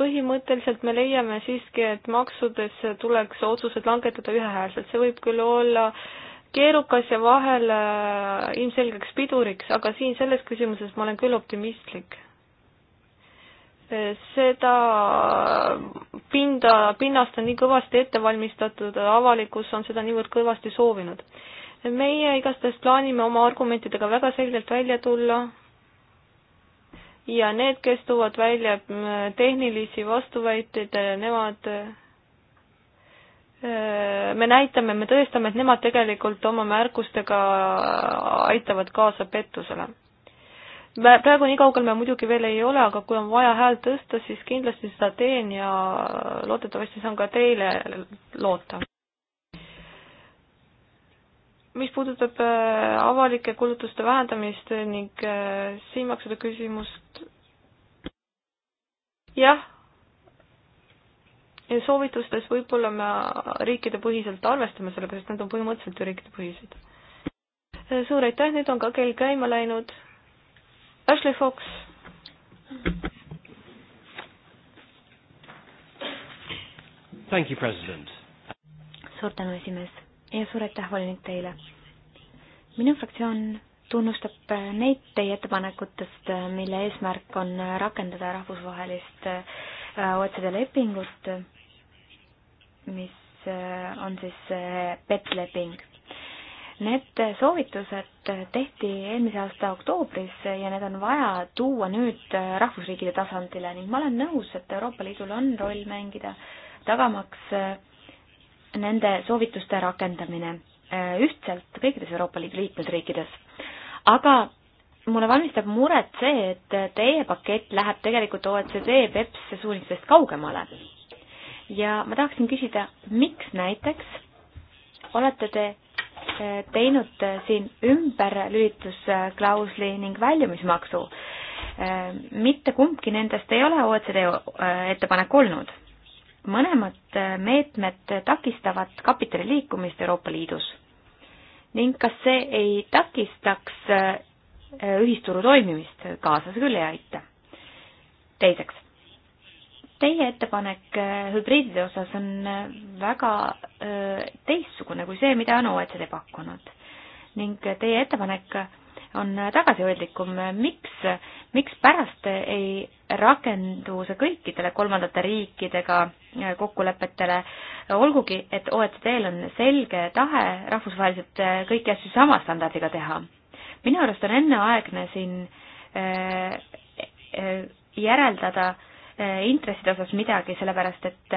põhimõtteliselt me leiame siiski, et maksudes tuleks otsused langetada ühehäälselt, see võib küll olla keerukas ja vahel äh, ilmselgeks piduriks, aga siin selles küsimuses ma olen küll optimistlik. seda pinda, pinnast on nii kõvasti ette valmistatud, avalikkus on seda niivõrd kõvasti soovinud meie igastahes plaanime oma argumentidega väga selgelt välja tulla ja need, kes toovad välja mm, tehnilisi vastuväiteid, nemad, äh, me näitame, me tõestame, et nemad tegelikult oma märkustega aitavad kaasa pettusele. praegu nii kaugel me muidugi veel ei ole, aga kui on vaja häält tõsta, siis kindlasti seda teen ja loodetavasti saan ka teile loota mis puudutab äh, avalike kulutuste vähendamist ning äh, silmaksude küsimust, jah, soovitustes võib-olla me riikidepõhiselt arvestame sellega, sest need on põhimõtteliselt ju riikidepõhised. Äh, suur aitäh, nüüd on ka kell käima läinud. Ashley Fox. Thank you, president. suur tänu, esimees ja suur aitäh, volinik teile. minu fraktsioon tunnustab neid teie ettepanekutest, mille eesmärk on rakendada rahvusvahelist äh, OECD lepingut, mis äh, on siis äh, PET leping. Need soovitused tehti eelmise aasta oktoobris ja need on vaja tuua nüüd rahvusriikide tasandile ning ma olen nõus, et Euroopa Liidul on roll mängida, tagamaks äh, nende soovituste rakendamine äh, ühtselt kõikides Euroopa Liidu liikmesriikides. aga mulle valmistab muret see, et teie pakett läheb tegelikult OECD BEPS suunistest kaugemale. ja ma tahaksin küsida, miks näiteks olete te äh, teinud äh, siin ümberlülitusklausli ning väljumismaksu. mitte kumbki nendest ei ole OECD ettepanek olnud mõlemad meetmed takistavad kapitali liikumist Euroopa Liidus ning kas see ei takistaks äh, ühisturu toimimist, kaasa see küll ei aita. teiseks, teie ettepanek äh, hübriidide osas on äh, väga teistsugune kui see, mida on OECD pakkunud ning teie ettepanek on tagasihoidlikum, miks, mikspärast ei rakendu see kõikidele kolmandate riikidega kokkulepetele, olgugi et OECD-l on selge tahe rahvusvaheliselt kõiki asju sama standardiga teha. minu arust on enneaegne siin äh, äh, järeldada äh, intresside osas midagi, sellepärast et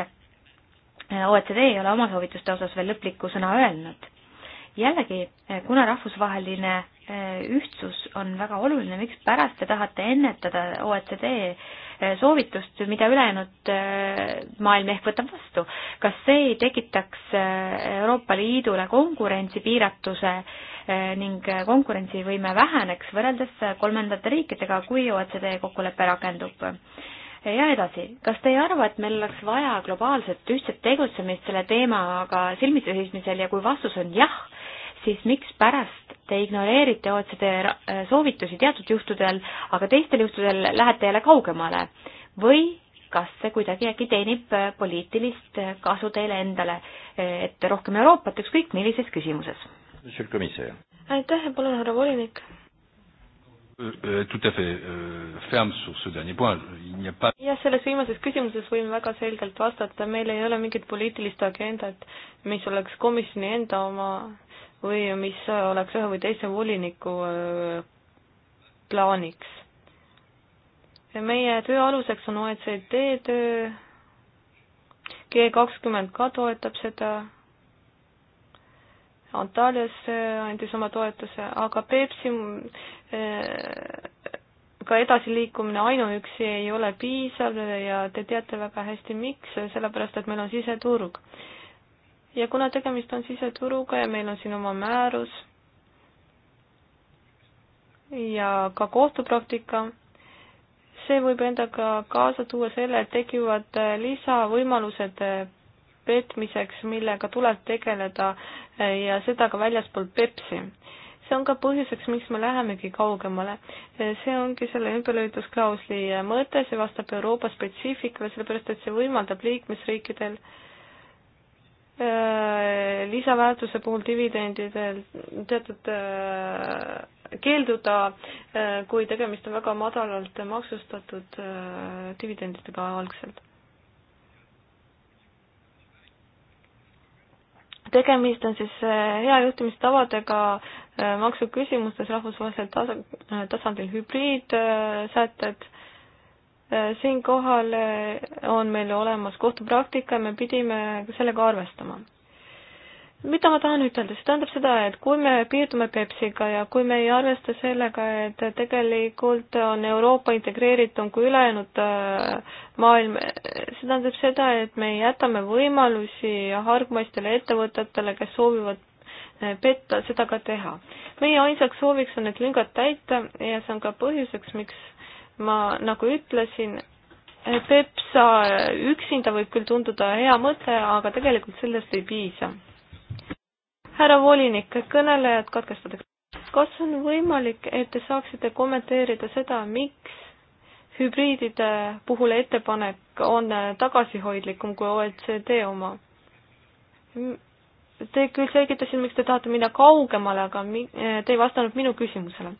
OECD ei ole oma soovituste osas veel lõplikku sõna öelnud. jällegi, kuna rahvusvaheline Äh, ühtsus on väga oluline, mikspärast te tahate ennetada OECD äh, soovitust, mida ülejäänud äh, maailm ehk võtab vastu. kas see ei tekitaks Euroopa Liidule konkurentsipiiratuse ning konkurentsivõime väheneks võrreldes kolmandate riikidega, kui OECD kokkulepe rakendub? ja edasi, kas te ei arva, et meil oleks vaja globaalset ühtset tegutsemist selle teemaga silmitsi seismisel ja kui vastus on jah, siis mikspärast te ignoreerite OECD äh, soovitusi teatud juhtudel, aga teistel juhtudel lähete jälle kaugemale või kas see kuidagi äkki teenib äh, poliitilist äh, kasu teile endale, et rohkem Euroopat ükskõik millises küsimuses? aitäh ja palun, härra volinik. Euh, euh, euh, jah, selles viimases küsimuses võin väga selgelt vastata, meil ei ole mingit poliitilist agendat, mis oleks komisjoni enda oma või mis oleks ühe või teise voliniku äh, plaaniks. meie töö aluseks on OECD töö, G kakskümmend ka toetab seda, Antalyas äh, andis oma toetuse, aga Peipsi äh, ka edasiliikumine ainuüksi ei ole piisav ja te teate väga hästi, miks, sellepärast et meil on siseturg ja kuna tegemist on siseturuga ja meil on siin oma määrus ja ka kohtupraktika, see võib endaga kaasa tuua selle, et tekivad lisavõimalused petmiseks, millega tuleb tegeleda ja seda ka väljaspool Pepsi. see on ka põhjuseks, miks me lähemegi kaugemale. see ongi selle ümberlõidusklausli mõte, see vastab Euroopa spetsiifikale, sellepärast et see võimaldab liikmesriikidel äh, Äh, lisaväärtuse puhul dividendidel teatud äh, keelduda, äh, kui tegemist on väga madalalt maksustatud dividendidega algselt. tegemist on siis hea juhtimistavadega maksuküsimustes rahvusvahelisel tasandil hübriidsätted äh,, Äh, siinkohal äh, on meil olemas kohtupraktika, me pidime sellega arvestama. mida ma tahan ütelda, see tähendab seda, et kui me piirdume Pepsiga ja kui me ei arvesta sellega, et tegelikult on Euroopa integreeritum kui ülejäänud äh, maailm, see tähendab seda, et me jätame võimalusi hargmaistele ettevõtetele, kes soovivad petta, seda ka teha. meie ainsaks sooviks on need lüngad täita ja see on ka põhjuseks, miks ma nagu ütlesin, Pepsa üksinda võib küll tunduda hea mõte, aga tegelikult sellest ei piisa. härra volinik, kõnelejad katkestatakse. kas on võimalik, et te saaksite kommenteerida seda, miks hübriidide puhul ettepanek on tagasihoidlikum kui OECD oma? Te küll selgitasite, miks te tahate minna kaugemale, aga mi-, te ei vastanud minu küsimusele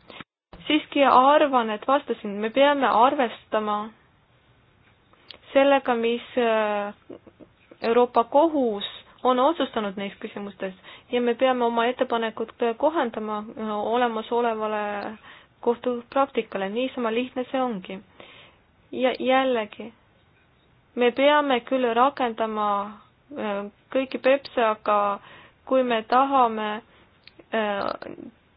siiski arvan, et vastasin, me peame arvestama sellega, mis äh, Euroopa Kohus on otsustanud neis küsimustes ja me peame oma ettepanekud kohandama äh, olemasolevale kohtupraktikale, niisama lihtne see ongi. ja jällegi, me peame küll rakendama äh, kõiki pepse, aga kui me tahame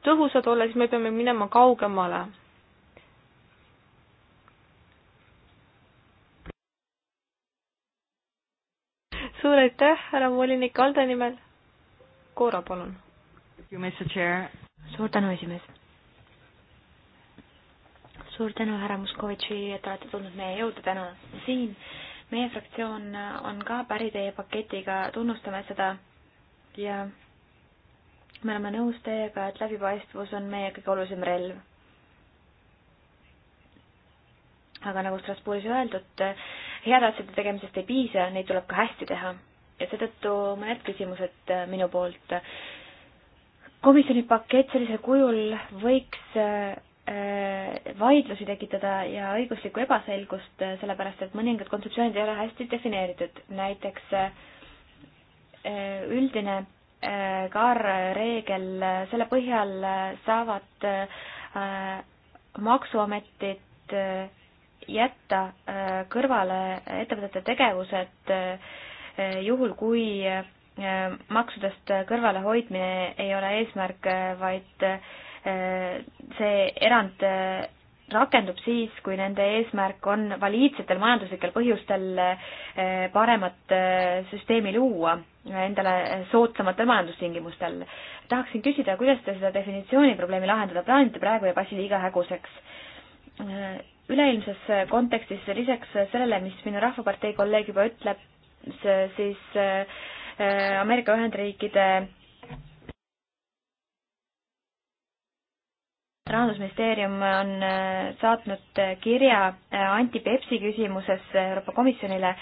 tõhusad olla, siis me peame minema kaugemale. suur aitäh, härra volinik Alde nimel. Koora, palun. suur tänu, esimees. suur tänu, härra Moskovitši, et olete tulnud meie jõuda täna siin. meie fraktsioon on ka päri teie paketiga, tunnustame seda ja yeah me oleme nõus teiega, et läbipaistvus on meie kõige olulisem relv. aga nagu Strasbourgis öeldud, heade asjade tegemisest ei piisa, neid tuleb ka hästi teha. ja seetõttu mõned küsimused minu poolt. komisjoni pakett sellisel kujul võiks äh, vaidlusi tekitada ja õiguslikku ebaselgust, äh, sellepärast et mõningad kontseptsioonid ei ole hästi defineeritud, näiteks äh, üldine Äh, KAR-reegel, selle põhjal äh, saavad äh, maksuametid jätta kõrvale ettevõtete tegevused juhul, kui maksudest kõrvalehoidmine ei ole eesmärk, vaid see erand rakendub siis, kui nende eesmärk on valiidsetel majanduslikel põhjustel eh, paremat eh, süsteemi luua endale soodsamatel majandustingimustel. tahaksin küsida, kuidas te seda definitsiooni probleemi lahendada plaanite, praegu jääb asi liiga häguseks. Eh, üleilmses kontekstis lisaks sellele, mis minu Rahvapartei kolleeg juba ütleb, siis Ameerika Ühendriikide rahandusministeerium on äh, saatnud äh, kirja äh, Anti Pepsi küsimuses Euroopa Komisjonile.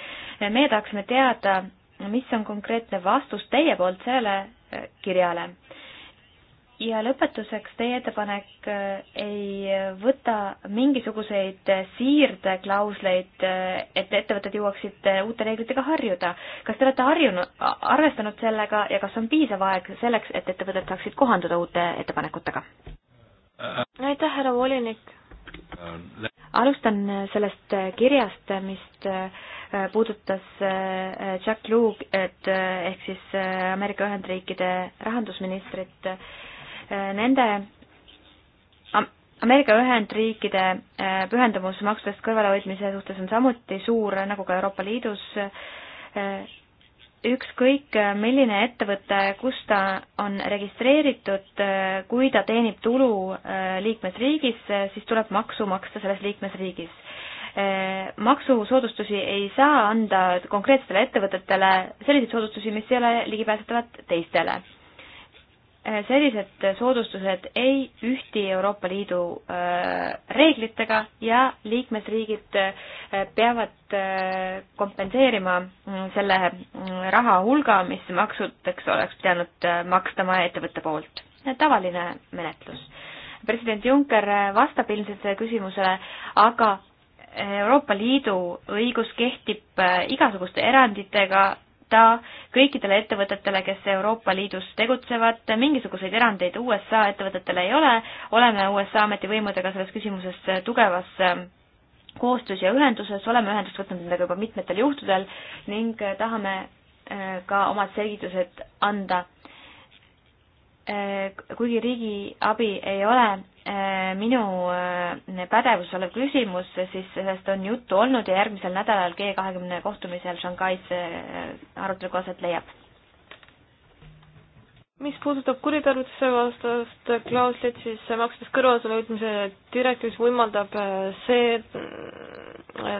meie tahaksime teada, mis on konkreetne vastus teie poolt sellele kirjale. ja lõpetuseks, teie ettepanek ei võta mingisuguseid siirdeklausleid, et ettevõtted jõuaksid uute reeglitega harjuda. kas te olete harjunud, arvestanud sellega ja kas on piisav aeg selleks, et ettevõtted saaksid kohanduda uute ettepanekutega? aitäh, härra volinik. alustan sellest kirjast, mis äh, puudutas äh, Jack Luge'd äh, ehk siis Ameerika Ühendriikide rahandusministrit. Nende Ameerika Ühendriikide pühendumus maksudest kõrvalehoidmise suhtes on samuti suur, nagu ka Euroopa Liidus ükskõik äh, milline ettevõte, kus ta on registreeritud, äh, kui ta teenib tulu äh, liikmesriigis, siis tuleb maksu maksta selles liikmesriigis. maksusoodustusi ei saa anda konkreetsetele ettevõtetele, selliseid soodustusi, mis ei ole ligipääsetavad teistele. Äh, sellised soodustused ei ühti Euroopa Liidu äh, reeglitega ja liikmesriigid äh, peavad kompenseerima mm, selle mm, raha hulga, mis maksudeks oleks pidanud makstama ettevõtte poolt. tavaline menetlus. president Juncker vastab ilmselt sellele küsimusele, aga Euroopa Liidu õigus kehtib igasuguste eranditega ta kõikidele ettevõtetele, kes Euroopa Liidus tegutsevad, mingisuguseid erandeid USA ettevõtetele ei ole, oleme USA ametivõimudega selles küsimuses tugevas ähm, koostöös ja ühenduses, oleme ühendust võtnud nendega juba mitmetel juhtudel ning äh, tahame äh, ka omad selgitused anda. Äh, kuigi riigiabi ei ole Äh, minu äh, pädevus olev küsimus, siis sellest on juttu olnud ja järgmisel nädalal G kahekümne kohtumisel Shanghais äh, arutelu kohaselt leiab. mis puudutab kuritarvituse vastast klauslit, siis makstes kõrvalsule võtmise direktiivis võimaldab see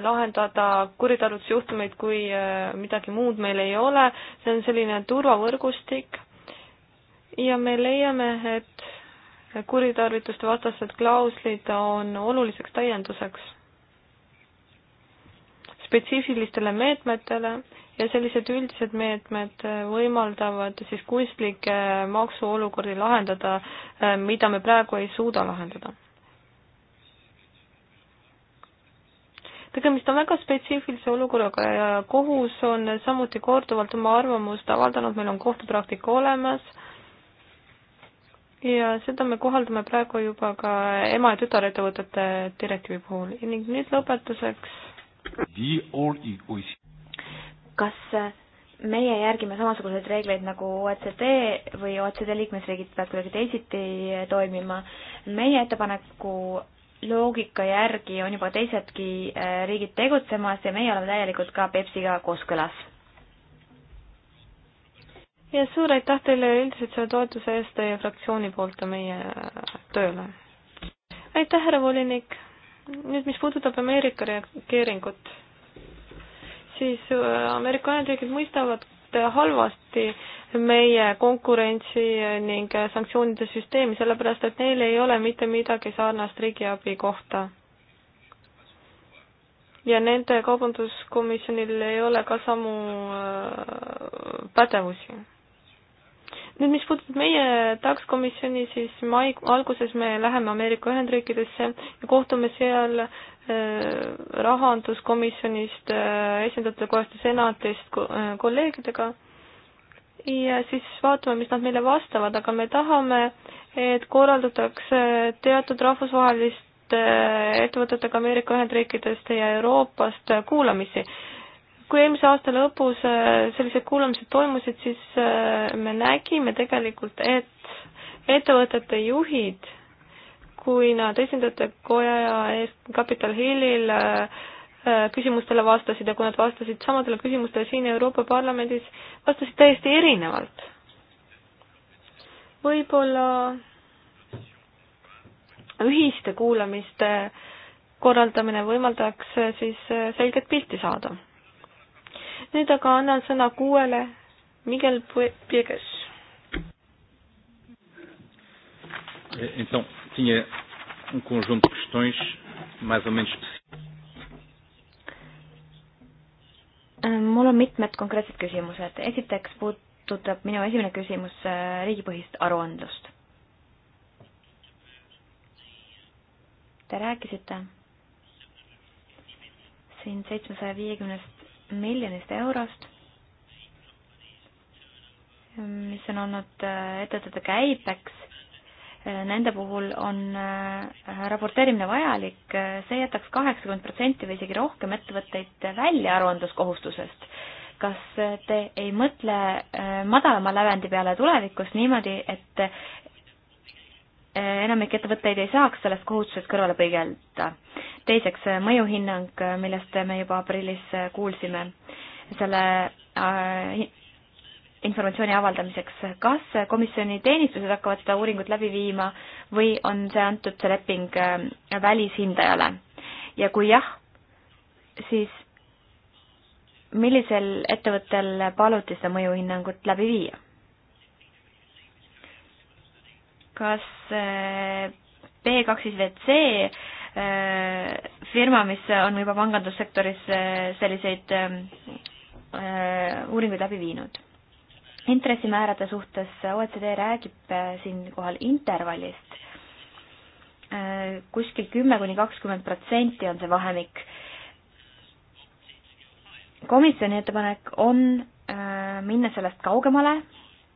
lahendada kuritarvitusjuhtumeid, kui midagi muud meil ei ole, see on selline turvavõrgustik ja me leiame, et kuritarvituste vastased klauslid on oluliseks täienduseks spetsiifilistele meetmetele ja sellised üldised meetmed võimaldavad siis kunstlikke maksuolukordi lahendada, äh, mida me praegu ei suuda lahendada. tegemist on väga spetsiifilise olukorraga ja kohus on samuti korduvalt oma arvamust avaldanud, meil on kohtupraktika olemas ja seda me kohaldame praegu juba ka ema ja tütarettevõtete direktiivi puhul ning nüüd lõpetuseks. kas äh, meie järgime samasuguseid reegleid nagu OECD või OECD liikmesriigid peavad kuidagi teisiti äh, toimima? meie ettepaneku loogika järgi on juba teisedki äh, riigid tegutsemas ja meie oleme täielikult ka Pepsiga kooskõlas ja suur aitäh teile üldiselt selle toetuse eest teie fraktsiooni poolt meie tööle. aitäh, härra volinik. nüüd, mis puudutab Ameerika reageeringut, siis äh, Ameerika Ühendriigid mõistavad halvasti meie konkurentsi ning sanktsioonide süsteemi, sellepärast et neil ei ole mitte midagi sarnast riigiabi kohta. ja nende kaubanduskomisjonil ei ole ka samu äh, pädevusi nüüd, mis puudutab meie TAKS komisjoni, siis mai alguses me läheme Ameerika Ühendriikidesse ja kohtume seal äh, rahanduskomisjonist, äh, esindajate kohast ja senatist äh, kolleegidega ja siis vaatame, mis nad meile vastavad, aga me tahame, et korraldatakse teatud rahvusvaheliste ettevõtetega Ameerika Ühendriikidest ja Euroopast kuulamisi kui eelmise aasta lõpus äh, sellised kuulamised toimusid, siis äh, me nägime tegelikult, et ettevõtete juhid, kui nad esindajate koja ees Capitol Hillil äh, küsimustele vastasid ja kui nad vastasid samadele küsimustele siin Euroopa Parlamendis, vastasid täiesti erinevalt. võib-olla ühiste kuulamiste korraldamine võimaldaks siis selget pilti saada nüüd aga annan sõna kuuele Miguel Pieges. Então, tinha um conjunto de questões mais ou menos äh, mul on mitmed konkreetsed küsimused. esiteks puudutab minu esimene küsimus äh, riigipõhist aruandlust. Te rääkisite siin seitsmesaja viiekümnest miljonist eurost, mis on olnud äh, ettevõtete käibeks. Äh, nende puhul on äh, raporteerimine vajalik, see jätaks kaheksakümmend protsenti või isegi rohkem ettevõtteid välja aruandluskohustusest kas te ei mõtle madalama lävendi peale tulevikus niimoodi, et enamik ettevõtteid ei saaks sellest kohustusest kõrvale põigelda. teiseks, mõjuhinnang, millest me juba aprillis kuulsime, selle äh, informatsiooni avaldamiseks, kas komisjoni teenistused hakkavad seda uuringut läbi viima või on see antud, see leping äh, välishindajale? ja kui jah, siis millisel ettevõttel paluti seda mõjuhinnangut läbi viia? kas äh, B2C äh, firma, mis on juba pangandussektoris äh, selliseid ähm, uuringuid läbi viinud. intressimäärade suhtes OECD räägib siinkohal intervallist, kuskil kümme kuni kakskümmend protsenti on see vahemik. komisjoni ettepanek on minna sellest kaugemale,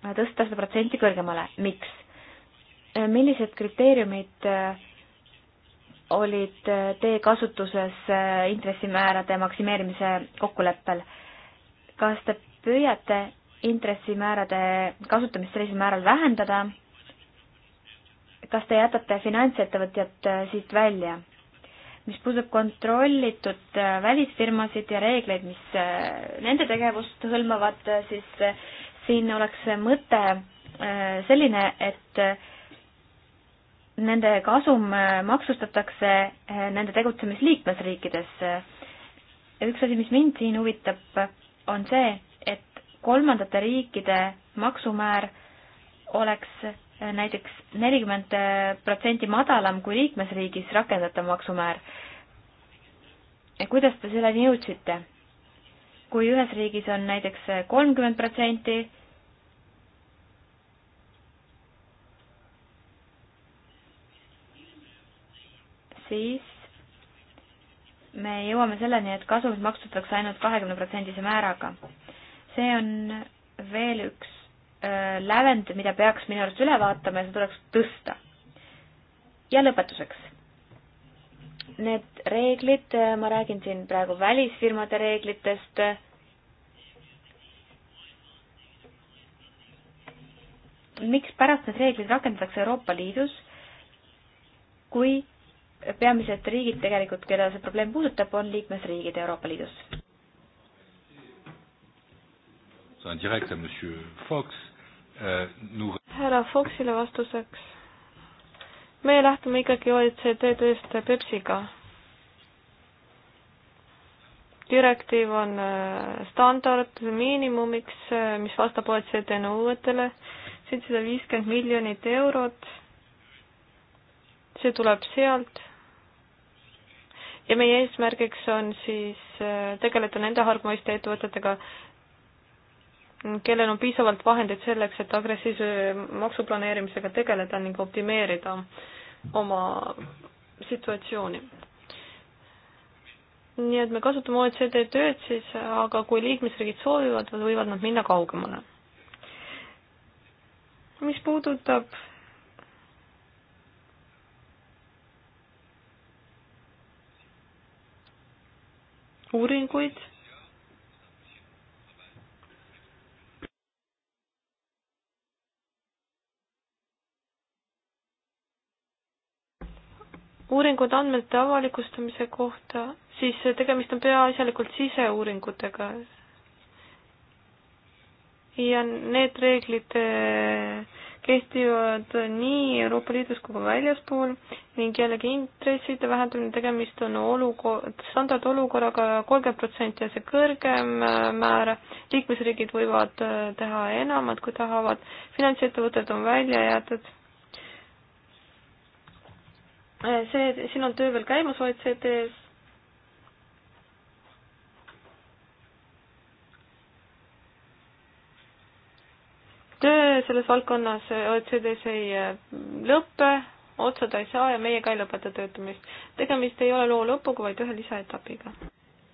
tõsta seda protsenti kõrgemale, miks? Äh, millised kriteeriumid äh, olid äh, teie kasutuses intressimäärade maksimeerimise kokkuleppel? kas te püüate intressimäärade kasutamist sellisel määral vähendada? kas te jätate finantsettevõtjad siit välja? mis puudutab kontrollitud välisfirmasid ja reegleid, mis nende tegevust hõlmavad, siis siin oleks mõte selline, et nende kasum äh, maksustatakse äh, nende tegutsemis liikmesriikides. üks asi, mis mind siin huvitab, on see, et kolmandate riikide maksumäär oleks äh, näiteks nelikümmend protsenti madalam kui liikmesriigis rakendatav maksumäär. kuidas te selleni jõudsite? kui ühes riigis on näiteks kolmkümmend protsenti siis me jõuame selleni, et kasumit maksustatakse ainult kahekümne protsendise määraga. see on veel üks äh, lävend, mida peaks minu arust üle vaatama ja seda tuleks tõsta. ja lõpetuseks. Need reeglid, äh, ma räägin siin praegu välisfirmade reeglitest mikspärast need reeglid rakendatakse Euroopa Liidus, kui peamised riigid tegelikult, keda see probleem puudutab, on liikmesriigid Euroopa Liidus. Äh, härra Foxile vastuseks. meie lähtume ikkagi OECD tööst Pepsiga. direktiiv on äh, standard miinimumiks, äh, mis vastab OECD nõuetele, seitsesada viiskümmend miljonit eurot see tuleb sealt ja meie eesmärgiks on siis äh, tegeleda nende hargmaiste ettevõtetega, kellel on piisavalt vahendeid selleks, et agressiivse maksuplaneerimisega tegeleda ning optimeerida oma situatsiooni. nii et me kasutame OECD tööd siis, aga kui liikmesriigid soovivad, võivad nad minna kaugemale. mis puudutab uuringuid uuringud andmete avalikustamise kohta, siis tegemist on peaasjalikult siseuuringutega. ja need reeglid kehtivad nii Euroopa Liidus kui ka väljaspool ning jällegi intresside vähendamine, tegemist on olukord, standardolukorraga kolmkümmend protsenti ja see kõrgem äh, määr, liikmesriigid võivad äh, teha enamat, kui tahavad, finantsettevõtted on välja jäetud. Äh, see, siin on töö veel käimas OECD-s töö selles valdkonnas OECD-s ei äh, lõpe, otsa ta ei saa ja meie ka ei lõpeta töötamist. tegemist ei ole loo lõpuga, vaid ühe lisaetapiga.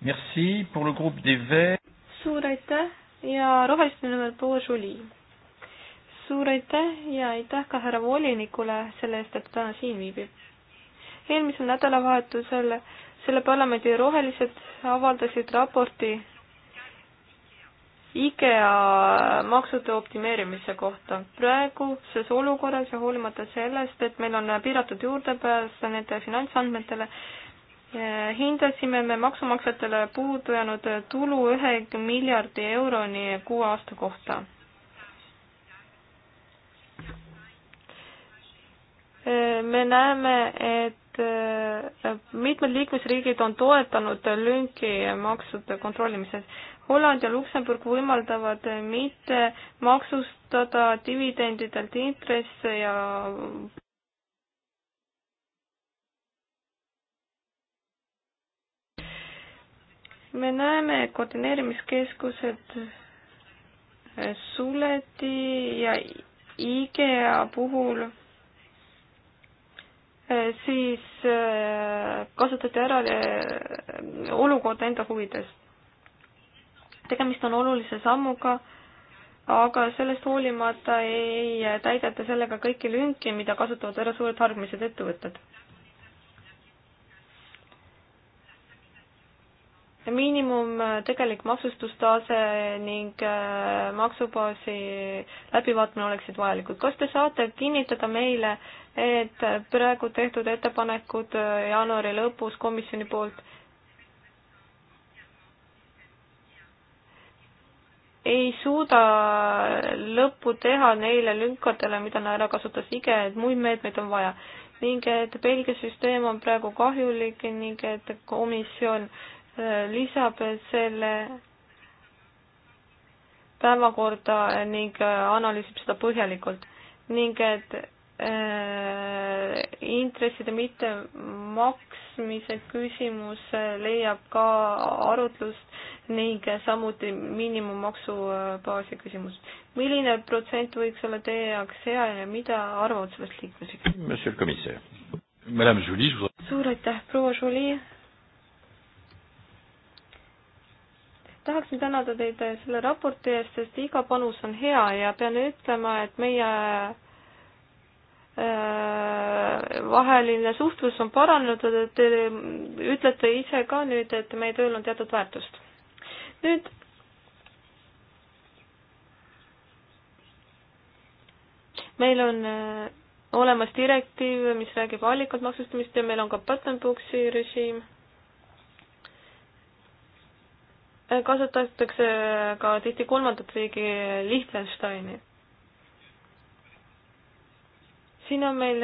Merci pour le groupe des Verts. suur aitäh ja roheliste nimel proua Žuli. suur aitäh ja aitäh ka härra volinikule selle eest, et ta täna siin viibib. eelmisel nädalavahetusel selle parlamendi rohelised avaldasid raporti IKEA maksude optimeerimise kohta. praeguses olukorras ja hoolimata sellest, et meil on piiratud juurdepääs nende finantsandmetele, hindasime me maksumaksjatele puudujäänud tulu ühe miljardi euroni kuue aasta kohta me näeme, et mitmed liikmesriigid on toetanud lünki maksude kontrollimises. Holland ja Luksemburg võimaldavad mitte maksustada dividendidelt intresse ja me näeme, et koordineerimiskeskused suleti ja IKEA puhul eh, siis eh, kasutati ära eh, olukorda enda huvides tegemist on olulise sammuga, aga sellest hoolimata ei täideta sellega kõiki lünki, mida kasutavad väga suured hargmised ettevõtted. miinimum tegelik maksustustase ning äh, maksubaasi läbivaatamine oleksid vajalikud. kas te saate kinnitada meile, et praegu tehtud ettepanekud äh, jaanuari lõpus komisjoni poolt ei suuda lõppu teha neile lünkadele, mida nad ära kasutas IGE, et muid meetmeid on vaja ning et Belgia süsteem on praegu kahjulik ning et komisjon äh, lisab selle päevakorda ning äh, analüüsib seda põhjalikult ning et Äh, intresside mittemaksmise küsimus äh, leiab ka arutlust ning äh, samuti miinimummaksubaasi küsimus. milline protsent võiks olla teie jaoks hea ja mida arvavad sellest liikmesriigid? suur aitäh, proua Jolie! tahaksin tänada teid selle raporti eest, sest iga panus on hea ja pean ütlema, et meie Äh, vaheline suhtlus on paranenud, te ütlete ise ka nüüd, et meie tööl on teatud väärtust. nüüd meil on äh, olemas direktiiv, mis räägib allikalt maksustamist ja meil on ka patent box'i režiim. Äh, kasutatakse ka tihti kolmandat riigi Liechtensteini siin on meil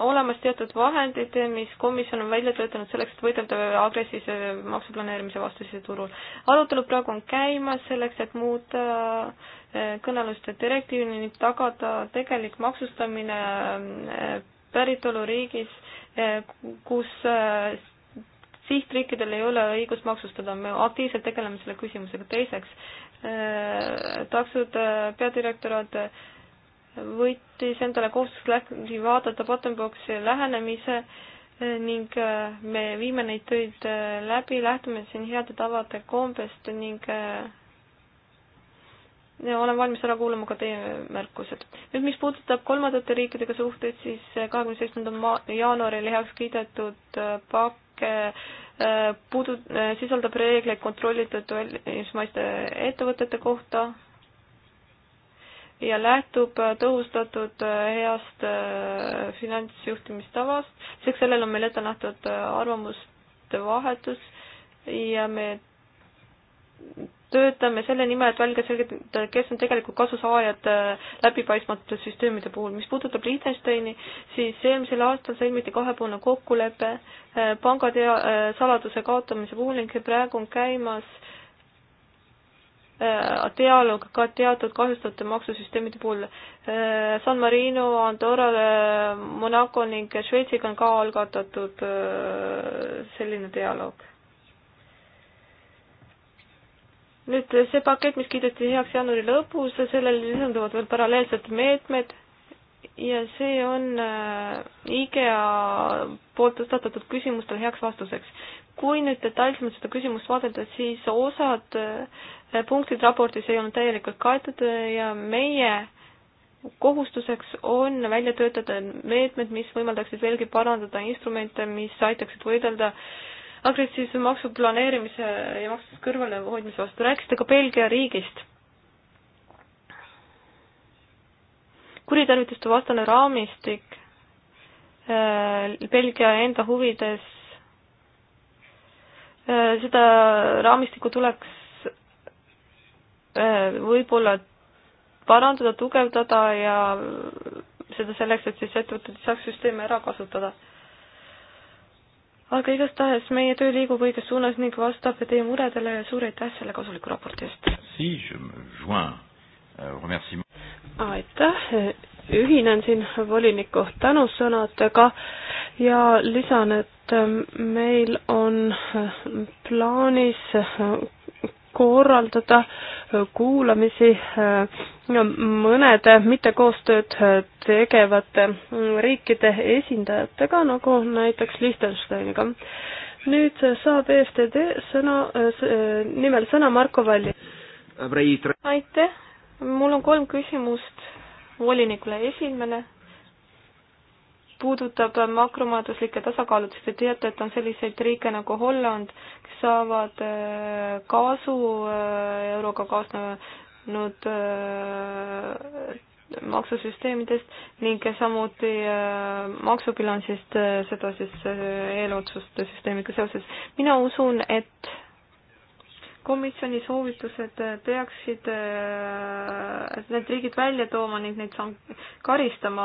olemas teatud vahendid, mis komisjon on välja töötanud selleks, et võidelda agressiivse maksuplaneerimise vastu siseturul. arutelud praegu on käimas selleks, et muuta eh, kõneluste direktiivini ning tagada tegelik maksustamine eh, päritoluriigis, eh, kus sihtriikidel ei ole õigust maksustada, me aktiivselt tegeleme selle küsimusega. teiseks, taksod, peadirektoraat võttis endale kohustuseks vaadata bottom-box'i lähenemise eh, ning eh, me viime neid töid eh, läbi, lähtume siin heade tavade kombest ning ja olen valmis ära kuulama ka teie märkused. nüüd, mis puudutab kolmandate riikidega suhteid, siis kahekümne seitsmendal jaanuaril heaks kiidetud pakk puudu-, sisaldab reegleid kontrollitud välismaiste ettevõtete kohta, ja lähtub tõhustatud heast äh, finantsjuhtimistavast. lisaks sellele on meil ette nähtud äh, arvamuste vahetus ja me töötame selle nimel, et välja selgitada, kes on tegelikult kasusaajad äh, läbipaistmatute süsteemide puhul. mis puudutab Liechtensteini, siis eelmisel aastal sõlmiti kahepoolne kokkulepe pangade saladuse kaotamise puhul ning praegu on käimas äh, Äh, dialoog ka teatud kahjustavate maksusüsteemide puhul. Äh, San Marino, Andorrale, Monaco ning Šveitsiga on ka algatatud äh, selline dialoog. nüüd see pakett, mis kiideti heaks jaanuari lõpus, sellele lisanduvad veel paralleelsed meetmed ja see on IKEA poolt tõstatatud küsimustele heaks vastuseks kui nüüd detailsemalt seda küsimust vaadelda, siis osad äh, punktid raportis ei olnud täielikult kaetud ja meie kohustuseks on välja töötada meetmed, mis võimaldaksid veelgi parandada instrumente, mis aitaksid võidelda agressiivse maksuplaneerimise ja maksust kõrvalehoidmise vastu. rääkisite ka Belgia riigist. kuritarvituste vastane raamistik äh, Belgia enda huvides Äh, seda raamistikku tuleks äh, võib-olla parandada, tugevdada ja seda selleks, et siis ettevõtted saaks süsteemi ära kasutada. aga igastahes meie töö liigub õiges suunas ning vastab teie muredele ja suur aitäh selle kasuliku raporti eest. Euh, aitäh ühinen siin voliniku tänusõnadega ja lisan, et ähm, meil on äh, plaanis äh, korraldada äh, kuulamisi mõnede mitte koostööd tegevate mm, riikide esindajatega, nagu näiteks Liechtensteiniga. nüüd saab EFTD sõna, nimel sõna Marko Valli. aitäh, mul on kolm küsimust volinikule. esimene puudutab makromajanduslikke tasakaalu, sest te teate, et on selliseid riike nagu Holland, kes saavad äh, kasu äh, euroga kaasnenud äh, maksusüsteemidest ning samuti maksubilansist, seda siis eelotsuste süsteemiga seoses. mina usun, et komisjoni soovitused peaksid äh, need riigid välja tooma ning neid karistama,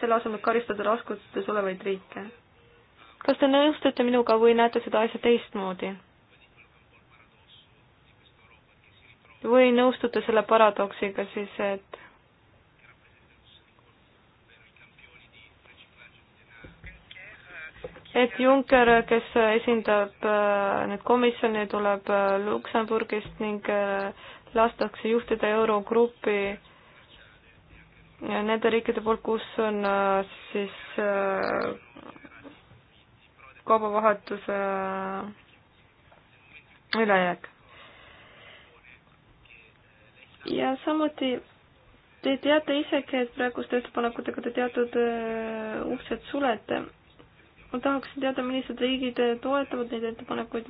selle asemel, et karistada raskustes olevaid riike. kas te nõustute minuga või näete seda asja teistmoodi? või nõustute selle paradoksiga siis, et et Juncker, kes esindab äh, nüüd komisjoni, tuleb äh, Luksemburgist ning äh, lastakse juhtida Eurogrupi nende riikide poolt, kus on siis kaubavahetuse ülejääk. ja samuti te teate isegi, et praeguste ettepanekutega te teatud uksed sulete ma tahaksin teada, millised riigid toetavad neid ettepanekuid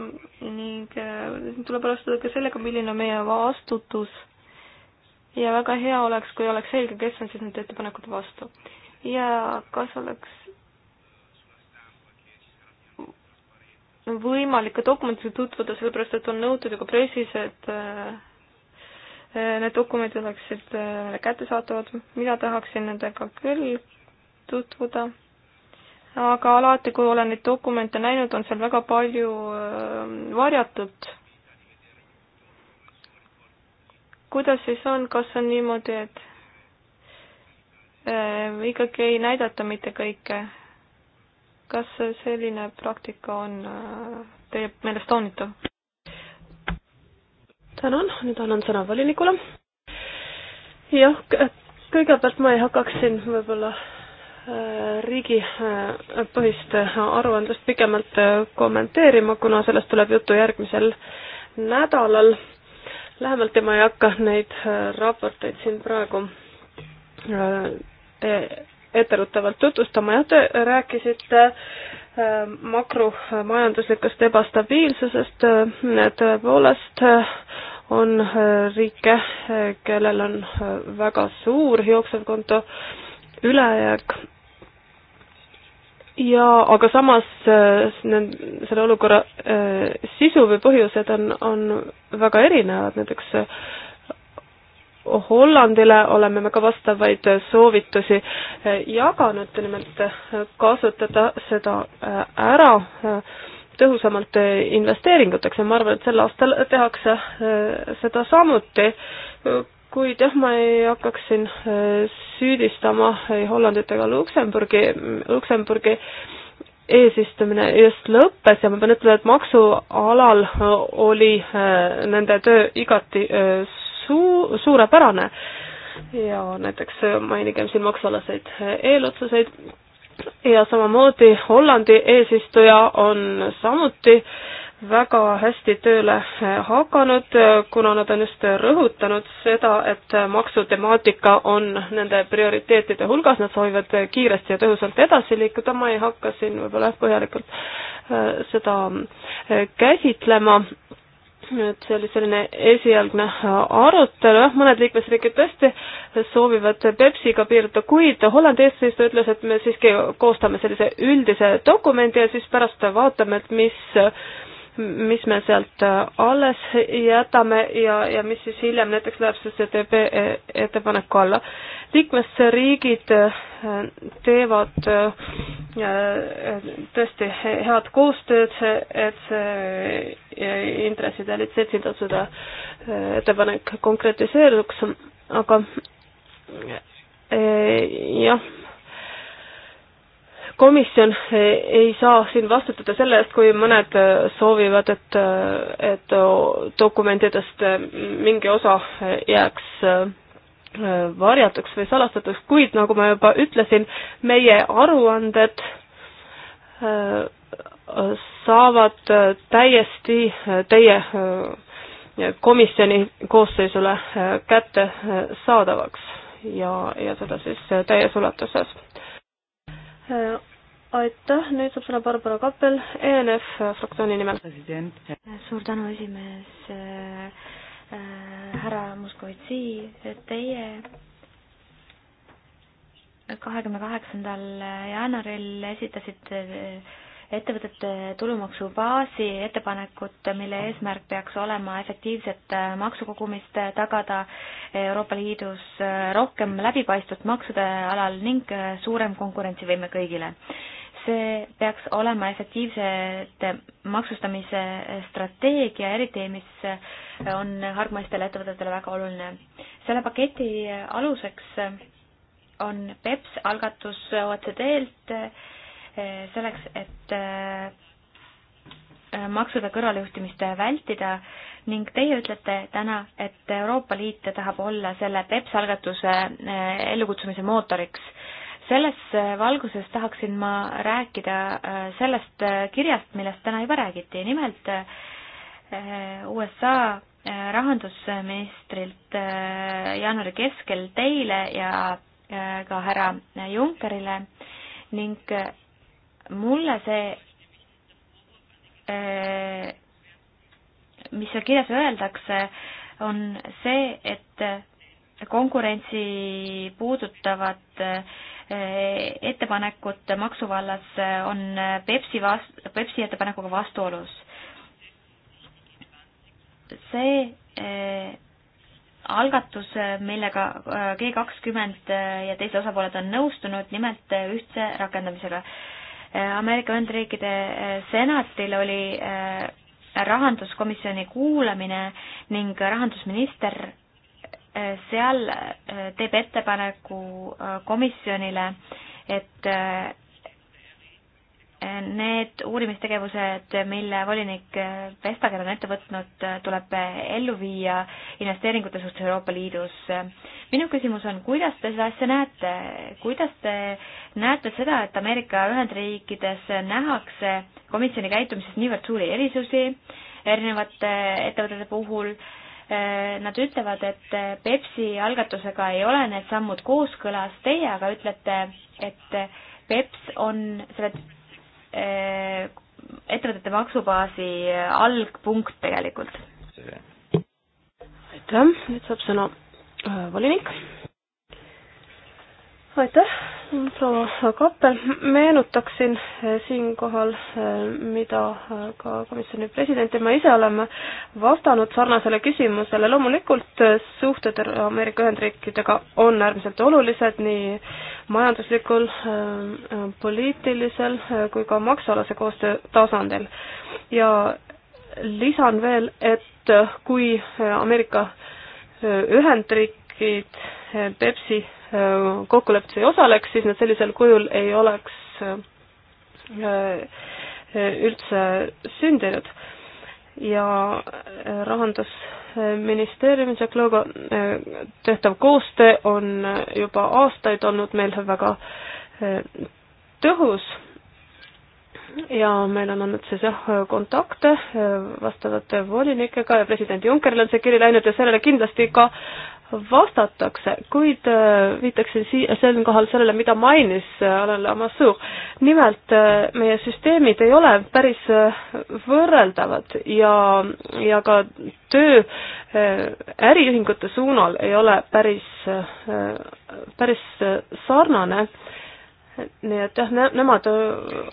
ning äh, tuleb alustada ka sellega, milline on meie vastutus. ja väga hea oleks, kui oleks selge, kes on siis nende ettepanekute vastu. ja kas oleks võimalik ka dokumentidega tutvuda, sellepärast et on nõutud ju ka pressis, et äh, äh, need dokumendid oleksid kättesaadavad. mina tahaksin nendega küll tutvuda aga alati, kui olen neid dokumente näinud, on seal väga palju ähm, varjatud. kuidas siis on, kas on niimoodi, et ähm, ikkagi ei näidata mitte kõike? kas selline praktika on äh, teie meelest taunitav? tänan, nüüd annan sõna volinikule. jah, kõigepealt ma ei hakkaks siin võib-olla Äh, riigipõhist äh, äh, aruandlust pikemalt kommenteerima, kuna sellest tuleb juttu järgmisel nädalal lähemalt ja ma ei hakka neid raporteid siin praegu etteruttavalt tutvustama, jah, te rääkisite makromajanduslikust ebastabiilsusest, tõepoolest on riike, kellel on väga suur jooksev konto äh, ülejääk jaa, aga samas äh, selle olukorra äh, sisu või põhjused on, on väga erinevad, näiteks äh, Hollandile oleme me ka vastavaid soovitusi jaganud, nimelt kasutada seda ära tõhusamalt investeeringuteks ja ma arvan, et sel aastal tehakse seda samuti kuid jah, ma ei hakkaks siin äh, süüdistama ei äh, Hollandit ega Luksemburgi, Luksemburgi eesistumine just lõppes ja ma pean ütlema, et maksualal äh, oli nende töö igati suu-, suurepärane. ja näiteks mainigem siin maksualaseid eelotsuseid ja samamoodi Hollandi eesistuja on samuti äh, väga hästi tööle hakanud, kuna nad on just rõhutanud seda, et maksutemaatika on nende prioriteetide hulgas, nad soovivad kiiresti ja tõhusalt edasi liikuda, ma ei hakka siin võib-olla jah, põhjalikult äh, seda äh, käsitlema, et see oli selline esialgne arutelu, jah, mõned liikmesriigid tõesti soovivad Pepsiga piirduda, kuid Hollandi eesistuja ütles, et me siiski koostame sellise üldise dokumendi ja siis pärast vaatame, et mis mis me sealt äh, alles jätame ja, ja mis siis hiljem näiteks läheb CCTV e e, ettepaneku alla. liikmesriigid äh, teevad äh, tõesti head koostööd, et see intresside litsentsitasude ettepanek konkretiseeruks, aga jah komisjon eh, ei saa siin vastutada selle eest, kui mõned eh, soovivad, et, eh, et dokumentidest mingi osa jääks varjatuks või salastatuks, kuid nagu ma juba ütlesin, meie aruanded saavad täiesti teie komisjoni koosseisule kättesaadavaks ja, ja seda siis täies ulatuses Äh, aitäh, nüüd saab sõna Barbara Kappel ENF fraktsiooni nimel. suur tänu, esimees äh, äh, härra Moskovitši, teie kahekümne kaheksandal jaanuaril esitasite äh, ettevõtete tulumaksubaasi ettepanekut, mille eesmärk peaks olema efektiivset äh, maksukogumist, äh, tagada Euroopa Liidus äh, rohkem läbipaistvust maksude alal ning suurem konkurentsivõime kõigile. see peaks olema efektiivsete maksustamise strateegia, eriti mis on hargmaistele ettevõtetele väga oluline. selle paketi aluseks on PEPS algatus OECD-lt Eh, selleks, et eh, maksude kõrvaljuhtimist vältida ning teie ütlete täna, et Euroopa Liit tahab olla selle BEPS algatuse eh, ellukutsumise mootoriks. selles valguses tahaksin ma rääkida sellest kirjast, millest täna juba räägiti, nimelt USA rahandusministrilt jaanuari keskel teile ja ka härra Junckerile ning mulle see, eh, mis seal kirjas öeldakse, on see, et konkurentsi puudutavad eh, ettepanekud maksuvallas on Pepsi vast-, Pepsi ettepanekuga vastuolus. see eh, algatus, millega G kakskümmend ja teised osapooled on nõustunud, nimelt ühtse rakendamisega. Eh, Ameerika Ühendriikide eh, senatil oli eh, rahanduskomisjoni kuulamine ning rahandusminister seal teeb ettepaneku komisjonile, et need uurimistegevused, mille volinik Vestager on ette võtnud, tuleb ellu viia investeeringute suhtes Euroopa Liidus. minu küsimus on, kuidas te seda asja näete, kuidas te näete seda, et Ameerika Ühendriikides nähakse komisjoni käitumises niivõrd suuri erisusi erinevate ettevõtete puhul, Nad ütlevad, et Pepsi algatusega ei ole need sammud kooskõlas, teie aga ütlete, et Peps on selle Eh, ettevõtete maksubaasi algpunkt tegelikult. aitäh, nüüd saab sõna äh, volinik aitäh, proua Kappel, meenutaksin eh, siinkohal, eh, mida eh, ka komisjoni president ja me ise oleme vastanud sarnasele küsimusele, loomulikult suhted Ameerika Ühendriikidega on äärmiselt olulised nii majanduslikul, poliitilisel kui ka maksualase koostöö tasandil. ja lisan veel, et kui Ameerika Ühendriigid Pepsi kokkuleppes ei osaleks, siis nad sellisel kujul ei oleks äh, äh, üldse sündinud. ja äh, rahandusministeeriumis ja Klõuga tehtav koostöö on juba aastaid olnud meil väga tõhus ja meil on olnud siis jah, kontakte vastavate volinikega ja president Junckerile on see kiri läinud ja sellele kindlasti ka vastatakse, kuid äh, viitakse siia siinkohal sellele, mida mainis äh, Alain Lamassoure. nimelt äh, meie süsteemid ei ole päris võrreldavad ja, ja ka töö äriühingute suunal ei ole päris, päris sarnane nii et jah, nemad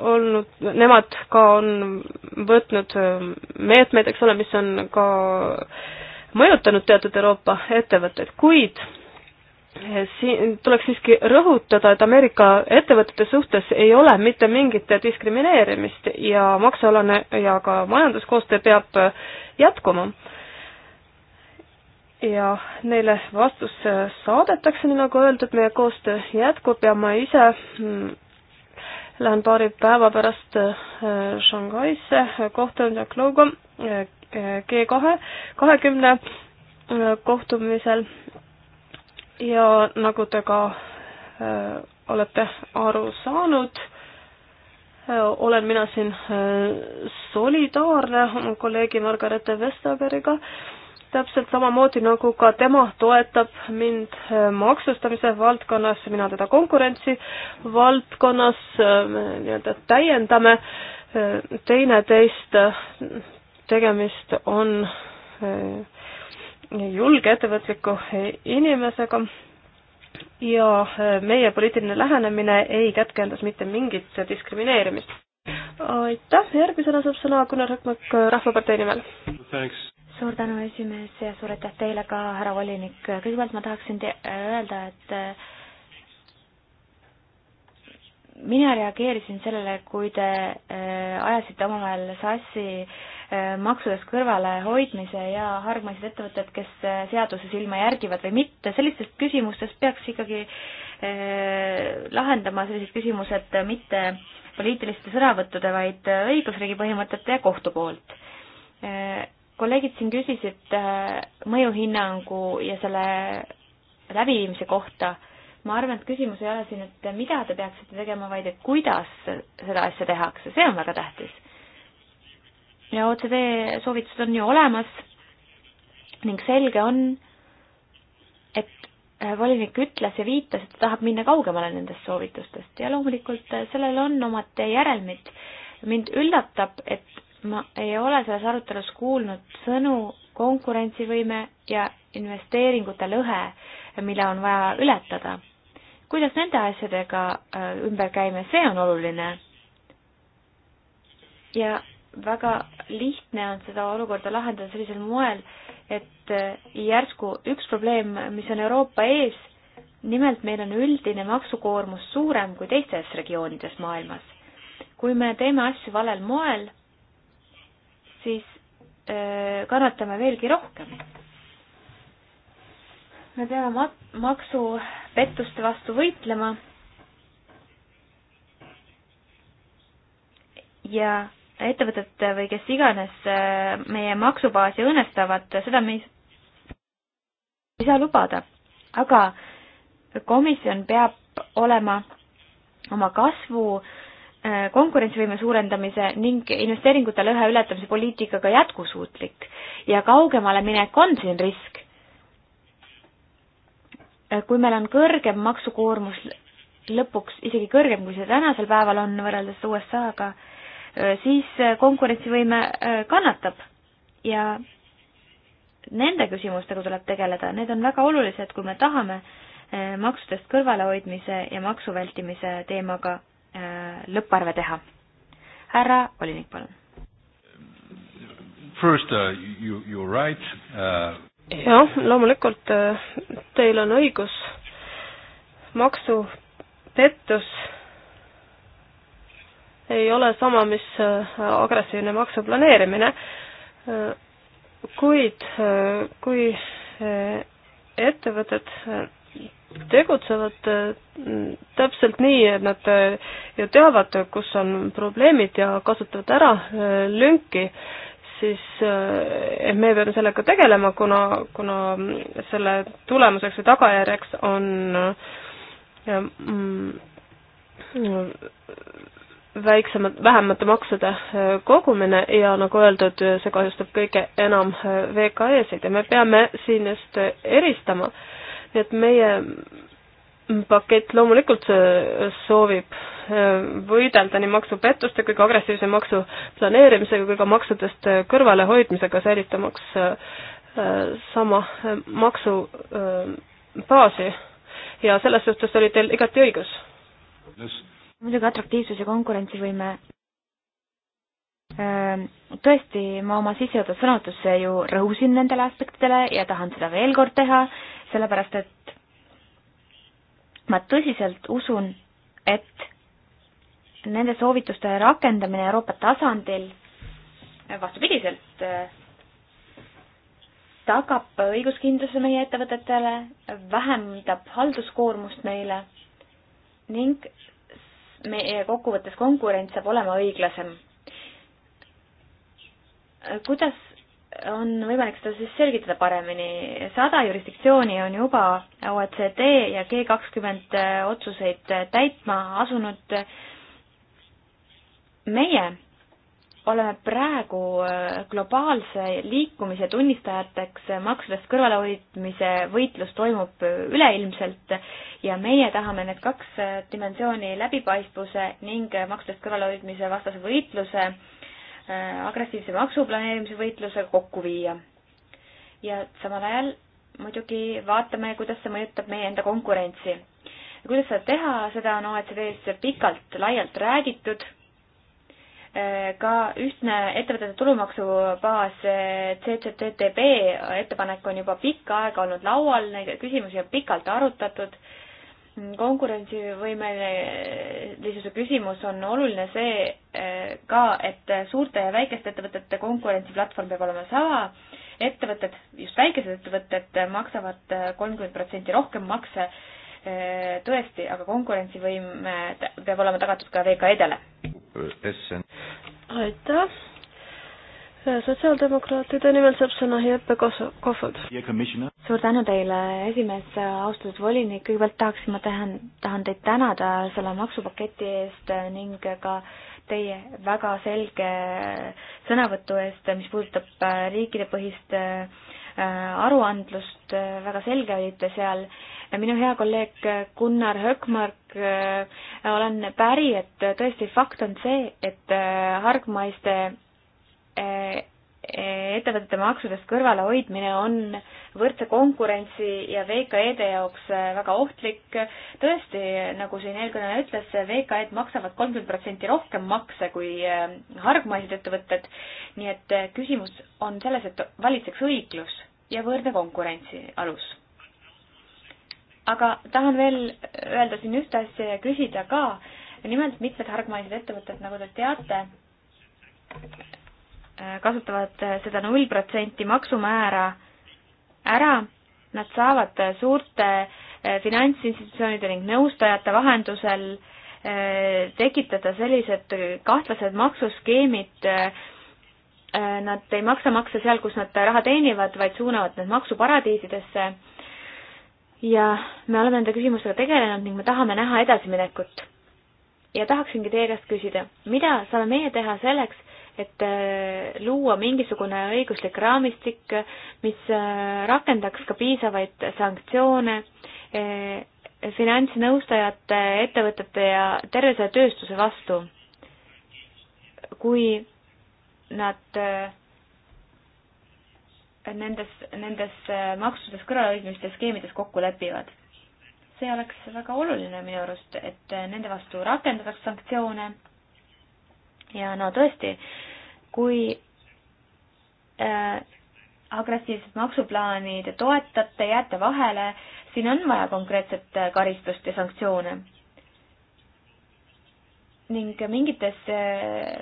olnud, nemad ka on võtnud meetmeid, eks ole, mis on ka äh, mõjutanud teatud Euroopa ettevõtteid, kuid eh, siin tuleks siiski rõhutada, et Ameerika ettevõtete suhtes ei ole mitte mingit diskrimineerimist ja maksealane ja ka majanduskoostöö peab eh, jätkuma. ja neile vastus eh, saadetakse, nii nagu öeldud, meie koostöö jätkub ja ma ise mm, lähen paari päeva pärast Shanghai'sse kohtun Jaak Luga, G kahe, kahekümne kohtumisel ja nagu te ka olete aru saanud, olen mina siin solidaarne oma kolleegi Margarethe Vestageriga, täpselt samamoodi nagu ka tema toetab mind maksustamise valdkonnas, mina teda konkurentsi valdkonnas, me nii-öelda täiendame teineteist tegemist on eh, julge ettevõtliku inimesega ja eh, meie poliitiline lähenemine ei kätke endas mitte mingit diskrimineerimist. aitäh, järgmisena saab sõna Gunnar Hökmark eh, Rahvapartei nimel. suur tänu, esimees, ja suur aitäh teile ka, härra volinik. kõigepealt ma tahaksin öelda, et äh, mina reageerisin sellele, kui te äh, ajasite omavahel sassi äh, Äh, maksudest kõrvalehoidmise ja hargmaised ettevõtted, kes äh, seaduse silma järgivad või mitte, sellistest küsimustest peaks ikkagi äh, lahendama sellised küsimused mitte poliitiliste sõnavõttude, vaid õigusriigi põhimõtete ja kohtu poolt. kolleegid siin küsisid mõjuhinnangu ja selle läbiviimise kohta ma arvan, et küsimus ei ole siin, et mida te peaksite tegema, vaid et kuidas seda asja tehakse, see on väga tähtis ja OCD soovitused on ju olemas ning selge on, et äh, volinik ütles ja viitas, et ta tahab minna kaugemale nendest soovitustest ja loomulikult äh, sellel on omad järelmid. mind üllatab, et ma ei ole selles arutelus kuulnud sõnu konkurentsivõime ja investeeringute lõhe, mille on vaja ületada. kuidas nende asjadega äh, ümber käime, see on oluline. ja väga lihtne on seda olukorda lahendada sellisel moel, et äh, järsku üks probleem, mis on Euroopa ees, nimelt meil on üldine maksukoormus suurem kui teistes regioonides maailmas. kui me teeme asju valel moel, siis äh, kannatame veelgi rohkem. me peame mat-, maksupettuste vastu võitlema ja ettevõtet või kes iganes eh, meie maksubaasi õõnestavad, seda me ei, ei saa lubada. aga komisjon peab olema oma kasvu, eh, konkurentsivõime suurendamise ning investeeringute lõhe ületamise poliitikaga jätkusuutlik ja kaugemale minek on siin risk. Eh, kui meil on kõrgem maksukoormus lõpuks isegi kõrgem, kui see tänasel päeval on võrreldes USA-ga, Äh, siis äh, konkurentsivõime äh, kannatab ja nende küsimustega tuleb tegeleda, need on väga olulised, kui me tahame maksudest kõrvalehoidmise ja maksu vältimise teemaga lõpparve teha. härra volinik, palun. First uh, you, you are right uh.... jah, loomulikult teil on õigus, maksupettus ei ole sama, mis äh, agressiivne maksuplaneerimine, äh, kuid äh, kui ettevõtted tegutsevad täpselt nii, et nad ju teavad, kus on probleemid ja kasutavad ära lünki, siis me peame sellega tegelema, kuna, kuna selle tulemuseks või tagajärjeks on mm, väiksemad, vähemate maksude äh, kogumine ja nagu öeldud, see kahjustab kõige enam äh, VKE-sid ja me peame siin just äh, eristama. nii et meie pakett loomulikult soovib võidelda nii maksupettuste kui ka agressiivse maksu planeerimisega kui ka maksudest kõrvalehoidmisega, säilitamaks sama maksubaasi ja selles suhtes oli teil igati õigus yes muidugi atraktiivsus ja konkurentsivõime. Tõesti, ma oma sissejuhatavas sõnavõtus ju rõhusin nendele aspektidele ja tahan seda veel kord teha, sellepärast et ma tõsiselt usun, et nende soovituste rakendamine Euroopa tasandil vastupidiselt tagab õiguskindluse meie ettevõtetele, vähendab halduskoormust neile ning meie kokkuvõttes konkurents saab olema õiglasem. kuidas on võimalik seda siis selgitada paremini? sada jurisdiktsiooni on juba OECD ja G kakskümmend otsuseid täitma asunud. meie oleme praegu äh, globaalse liikumise tunnistajateks, äh, maksudest kõrvalehoidmise võitlus toimub äh, üleilmselt ja meie tahame need kaks dimensiooni, läbipaistvuse ning maksudest kõrvalehoidmise vastase võitluse, agressiivse maksuplaneerimise võitlusega kokku viia. ja samal ajal muidugi vaatame, kuidas see mõjutab meie enda konkurentsi. kuidas seda teha, seda on OECD-s pikalt laialt räägitud ka ühtne ettevõtete tulumaksubaas CCTTB ettepanek on juba pikka aega olnud laual, neid küsimusi on pikalt arutatud. konkurentsivõimelisuse küsimus on oluline see eh, ka, et suurte ja väikeste ettevõtete konkurentsiplatvorm peab olema sama. ettevõtted, just väikesed ettevõtted maksavad eh, kolmkümmend protsenti rohkem makse Äh, tõesti, aga konkurentsivõime äh, peab olema tagatud ka VKE-dele. aitäh. sotsiaaldemokraatide nimel saab sõna Jeppe Kohvod. suur tänu teile, esimees, austatud volinik, kõigepealt tahaksin, ma tahan, tahan teid tänada selle maksupaketi eest ning ka teie väga selge sõnavõtu eest, mis puudutab äh, riikidepõhist Äh, aruandlust, äh, väga selge olite seal. minu hea kolleeg Gunnar Hökmark, äh, olen päri, et tõesti fakt on see, et hargmaiste ettevõtete maksudest kõrvalehoidmine on võrdse konkurentsi ja VKE-de jaoks väga ohtlik. tõesti, nagu siin eelkõneleja ütles, VKE-d maksavad kolmkümmend protsenti rohkem makse kui hargmaised ettevõtted. nii et küsimus on selles, et valitseks õiglus ja võrdne konkurentsi alus. aga tahan veel öelda siin ühte asja ja küsida ka, nimelt mitmed hargmaised ettevõtted, nagu te teate, kasutavad seda null protsenti maksumäära ära, nad saavad suurte finantsinstitutsioonide ning nõustajate vahendusel eh, tekitada sellised kahtlased maksuskeemid, eh, Äh, nad ei maksa makse seal, kus nad raha teenivad, vaid suunavad need maksuparadiisidesse. ja me oleme nende küsimustega tegelenud ning me tahame näha edasiminekut. ja tahaksingi teie käest küsida, mida saame meie teha selleks, et äh, luua mingisugune õiguslik raamistik, mis äh, rakendaks ka piisavaid sanktsioone finantsnõustajate, ettevõtete ja tervise ja tööstuse vastu. kui nad äh, nendes, nendes äh, maksudes kõrvalhoidmiste skeemides kokku lepivad. see oleks väga oluline minu arust, et äh, nende vastu rakendataks sanktsioone ja no tõesti, kui äh, agressiivset maksuplaani te toetate, jääte vahele, siin on vaja konkreetset karistust ja sanktsioone ning mingites,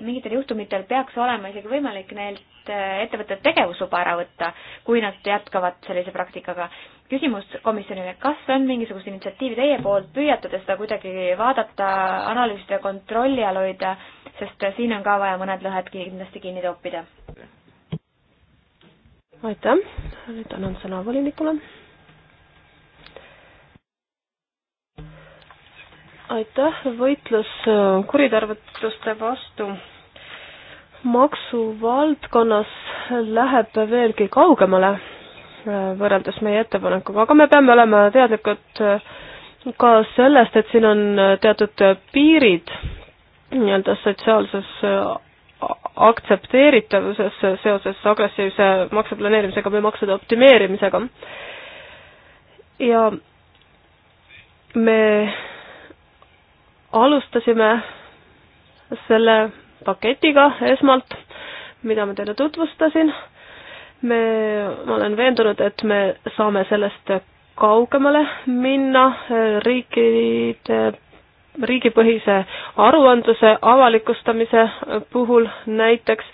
mingitel juhtumitel peaks olema isegi võimalik neilt äh, ettevõtete tegevusluba ära võtta, kui nad jätkavad sellise praktikaga. küsimus komisjonile, kas on mingisugust initsiatiivi teie poolt, püüate te seda kuidagi vaadata, analüüsida, kontrolli all hoida, sest siin on ka vaja mõned lõhed kindlasti kinni toppida? aitäh, nüüd annan sõna volinikule aitäh, võitlus äh, kuritarvituste vastu maksuvaldkonnas läheb veelgi kaugemale äh, võrreldes meie ettepanekuga, aga me peame olema teadlikud äh, ka sellest, et siin on teatud piirid nii-öelda sotsiaalses aktsepteeritavuses seoses agressiivse makseplaneerimisega või maksude optimeerimisega. ja me alustasime selle paketiga esmalt, mida ma teile tutvustasin. me, ma olen veendunud, et me saame sellest kaugemale minna eh, riikide, riigipõhise aruandluse avalikustamise puhul näiteks,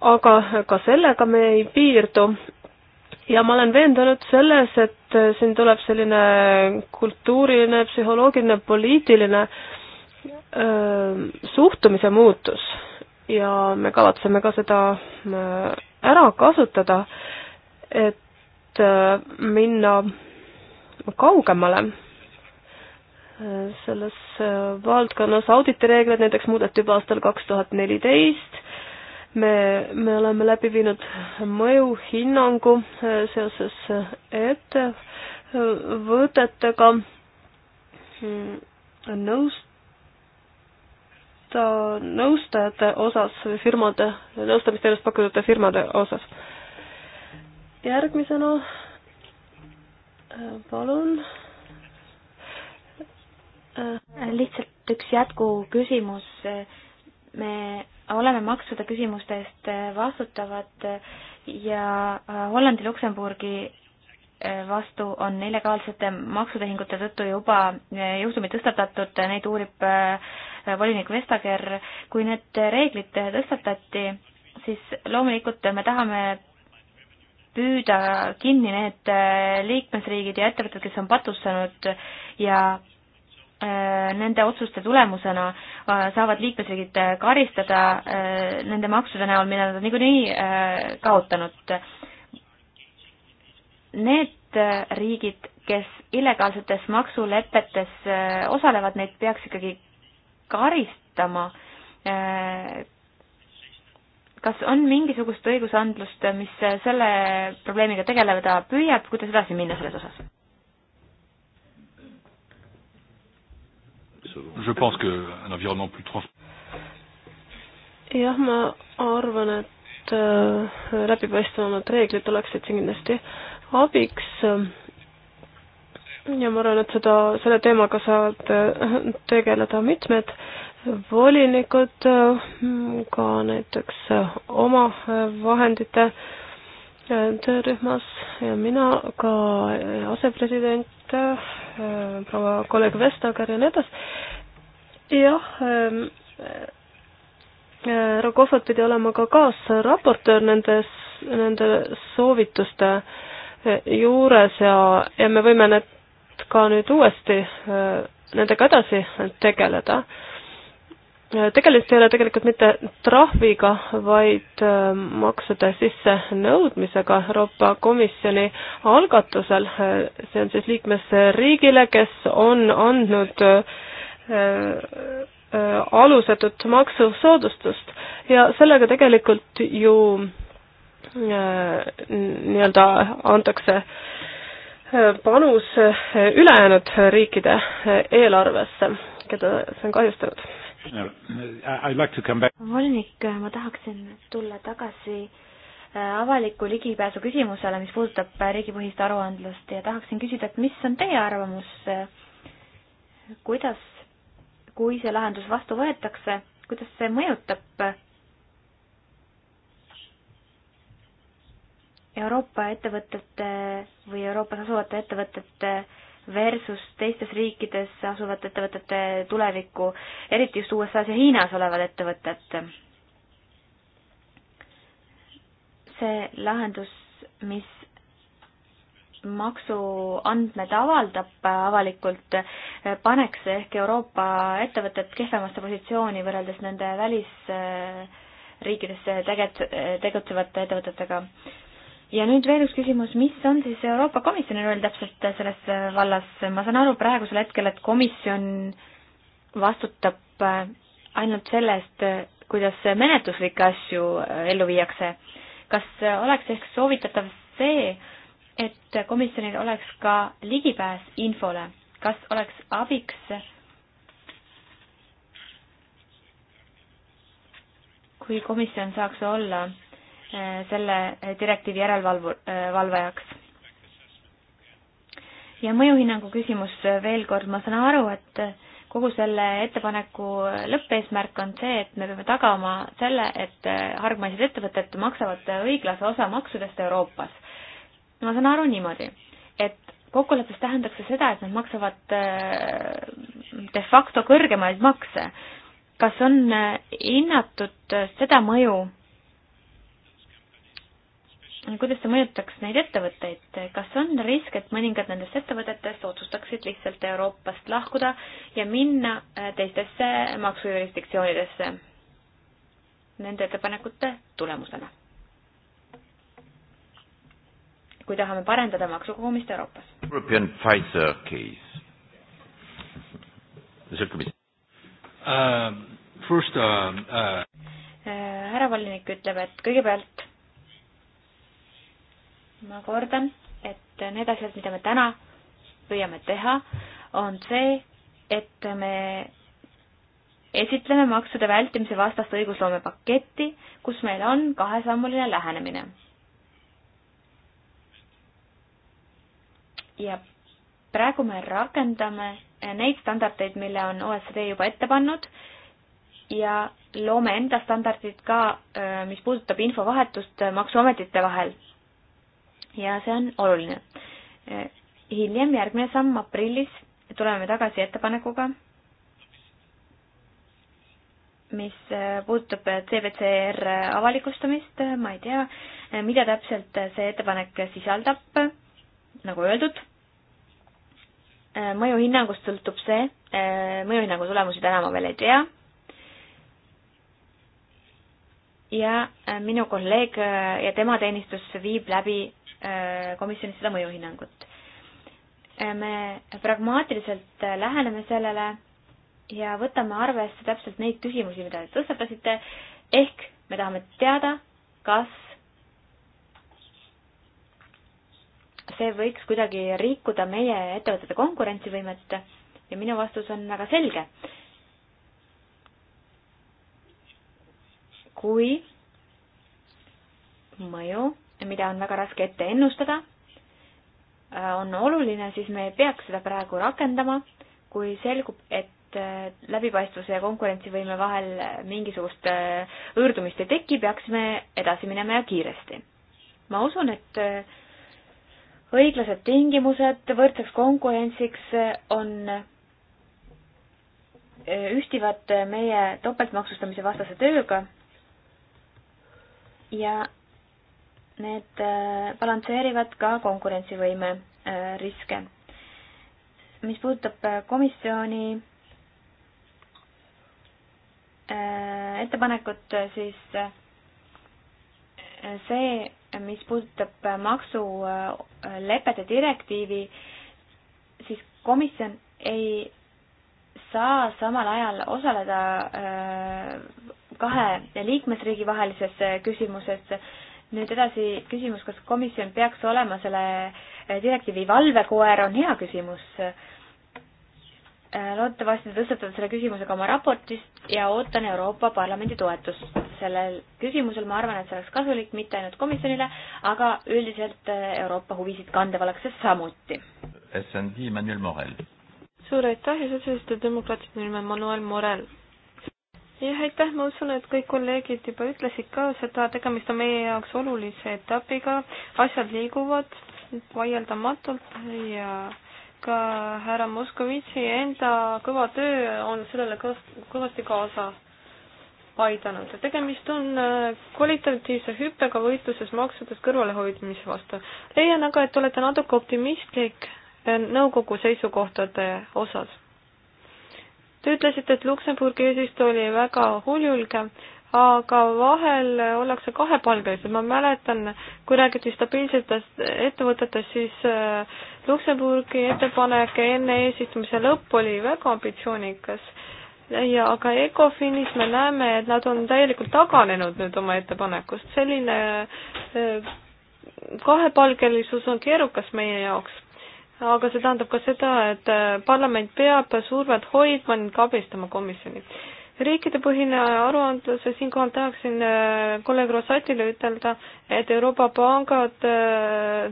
aga ka sellega me ei piirdu, ja ma olen veendunud selles, et äh, siin tuleb selline kultuuriline, psühholoogiline, poliitiline öö, äh, suhtumise muutus ja me kavatseme ka seda äh, ära kasutada, et minna kaugemale selles valdkonnas auditireegleid näiteks muudeti juba aastal kaks tuhat neliteist me, me oleme läbi viinud mõjuhinnangu e, seoses ettevõtetega mm, nõusta, nõustajate osas või firmade, nõustamisteenust pakkuvate firmade osas. järgmisena e, palun. lihtsalt üks jätkuküsimus. me oleme maksude küsimuste eest äh, vastutavad äh, ja äh, Hollandi, Luksemburgi vastu on illegaalsete maksutehingute tõttu juba juhtumid tõstatatud, neid uurib volinik Vestager. kui need reeglid tõstatati, siis loomulikult me tahame püüda kinni need liikmesriigid ja ettevõtted, kes on patustanud ja Äh, nende otsuste tulemusena äh, saavad liikmesriigid äh, karistada nende maksude näol, mida nad on niikuinii kaotanud. Need riigid, kes illegaalsetes maksulepetes osalevad, neid peaks ikkagi karistama. kas on mingisugust õigusandlust, mis selle probleemiga tegeleda püüab, kuidas edasi minna selles osas? Je pense qu'un environnement plus trans-. jah, ma arvan, et äh, läbipaistvamad reeglid oleksid siin kindlasti abiks. ja ma arvan, et seda, selle teemaga saavad äh, tegeleda mitmed volinikud, äh, ka näiteks oma vahendite töörühmas ja mina ka asepresident aitäh, proua kolleeg Vestager ja nii edasi. jah ähm,, härra äh, Kohvat pidi olema ka kaasraportöör nendes, nende soovituste äh, juures ja, ja me võime need ka nüüd uuesti äh, nendega edasi tegeleda äh, tegemist ei ole tegelikult mitte trahviga, vaid äh, maksude sissenõudmisega Euroopa Komisjoni algatusel. Äh, see on siis liikmesriigile, kes on andnud äh, alusetut maksusoodustust ja sellega tegelikult ju nii-öelda antakse panus ülejäänud riikide eelarvesse, keda see on kahjustanud volinik, ma tahaksin tulla tagasi äh, avaliku ligipääsu küsimusele, mis puudutab äh, riigipõhist aruandlust ja tahaksin küsida, et mis on teie arvamus, äh, kuidas, kui see lahendus vastu võetakse, kuidas see mõjutab Euroopa ettevõtete või Euroopas asuvate ettevõtete versus teistes riikides asuvate ettevõtete tulevikku, eriti just USA-s ja Hiinas olevad ettevõtted. see lahendus, mis maksuandmed avaldab avalikult, paneks ehk Euroopa ettevõtted kehvemasse positsiooni võrreldes nende välisriikides tege-, tegutsevate ettevõtetega ja nüüd veel üks küsimus, mis on siis Euroopa Komisjoni roll täpselt selles vallas? ma saan aru praegusel hetkel, et komisjon vastutab äh, ainult selle eest, äh, kuidas menetluslikke asju äh, ellu viiakse. kas oleks ehk soovitatav see, et komisjonil oleks ka ligipääs infole, kas oleks abiks kui komisjon saaks olla selle direktiivi järelevalvu, valvajaks. ja mõjuhinnangu küsimus veel kord, ma saan aru, et kogu selle ettepaneku lõppeesmärk on see, et me peame tagama selle, et hargmaised ettevõtted maksavad õiglase osa maksudest Euroopas. ma saan aru niimoodi, et kokkuleppes tähendaks see seda, et nad maksavad äh, de facto kõrgemaid makse. kas on hinnatud seda mõju, kuidas see mõjutaks neid ettevõtteid, kas on risk, et mõningad nendest ettevõtetest otsustaksid lihtsalt Euroopast lahkuda ja minna äh, teistesse maksujurisdiktsioonidesse nende ettepanekute tulemusena? kui tahame parendada maksukogumist Euroopas. European Pfizer case. Um, um, uh, first uh,. Äh, härra uh... volinik ütleb, et kõigepealt ma kordan, et need asjad, mida me täna püüame teha, on see, et me esitleme maksude vältimise vastast õigusloome paketti, kus meil on kahesammuline lähenemine. ja praegu me rakendame neid standardeid, mille on OECD juba ette pannud ja loome enda standardid ka, mis puudutab infovahetust Maksuametite vahel ja see on oluline. hiljem, järgmine samm aprillis, tuleme tagasi ettepanekuga, mis puudutab CBCR avalikustamist, ma ei tea, mida täpselt see ettepanek sisaldab, nagu öeldud, mõjuhinnangust sõltub see, mõjuhinnangu tulemusi täna ma veel ei tea ja minu kolleeg ja tema teenistus viib läbi Äh, komisjonis seda mõjuhinnangut. Äh, me pragmaatiliselt äh, läheneme sellele ja võtame arvesse täpselt neid küsimusi, mida te tõstatasite, ehk me tahame teada, kas see võiks kuidagi rikkuda meie ettevõtete konkurentsivõimet ja minu vastus on väga selge. kui mõju mida on väga raske ette ennustada, äh, on oluline, siis me ei peaks seda praegu rakendama, kui selgub, et äh, läbipaistvuse ja konkurentsivõime vahel äh, mingisugust hõõrdumist ei teki, peaksime edasi minema ja kiiresti. ma usun, et õiglased tingimused võrdseks konkurentsiks on ühtivad meie topeltmaksustamise vastase tööga ja Need äh, balansseerivad ka konkurentsivõime äh, riske. mis puudutab äh, komisjoni ettepanekut, siis see, mis puudutab maksulepete direktiivi, siis komisjon ei saa samal ajal osaleda kahe liikmesriigi vahelises küsimuses, nüüd edasi küsimus, kas komisjon peaks olema selle eh, direktiivi valvekoer, on hea küsimus. Eh, loodetavasti te tõstatate selle küsimuse ka oma raportist ja ootan Euroopa Parlamendi toetust sellel küsimusel, ma arvan, et see oleks kasulik mitte ainult komisjonile, aga üldiselt eh, Euroopa huvisid kandevalaks samuti. SND Manuel Morel. suur aitäh ja sotsialistide demokraatide nimel Manuel Morel jah, aitäh, ma usun, et kõik kolleegid juba ütlesid ka seda, tegemist on meie jaoks olulise etapiga, asjad liiguvad vaieldamatult ja ka härra Moskovitši enda kõva töö on sellele kõvasti kaasa aidanud ja tegemist on äh, kvalitatiivse hüppega võitluses maksudest kõrvalehoidmise vastu. leian aga, et olete natuke optimistlik äh, nõukogu seisukohtade osas. Te ütlesite, et Luksemburgi eesistuja oli väga hooljulge, aga vahel ollakse kahepalgelised, ma mäletan, kui räägiti stabiilsetest ettevõtetest, siis äh, Luksemburgi ettepanek enne eesistumise lõppu oli väga ambitsioonikas ja aga Ecofinis me näeme, et nad on täielikult taganenud nüüd oma ettepanekust, selline äh, kahepalgelisus on keerukas meie jaoks aga see tähendab ka seda, et äh, parlament peab survet hoidma ning abistama komisjoni. riikidepõhine aruandlus, siinkohal tahaksin äh, kolleeg Rosatile ütelda, et Euroopa pangade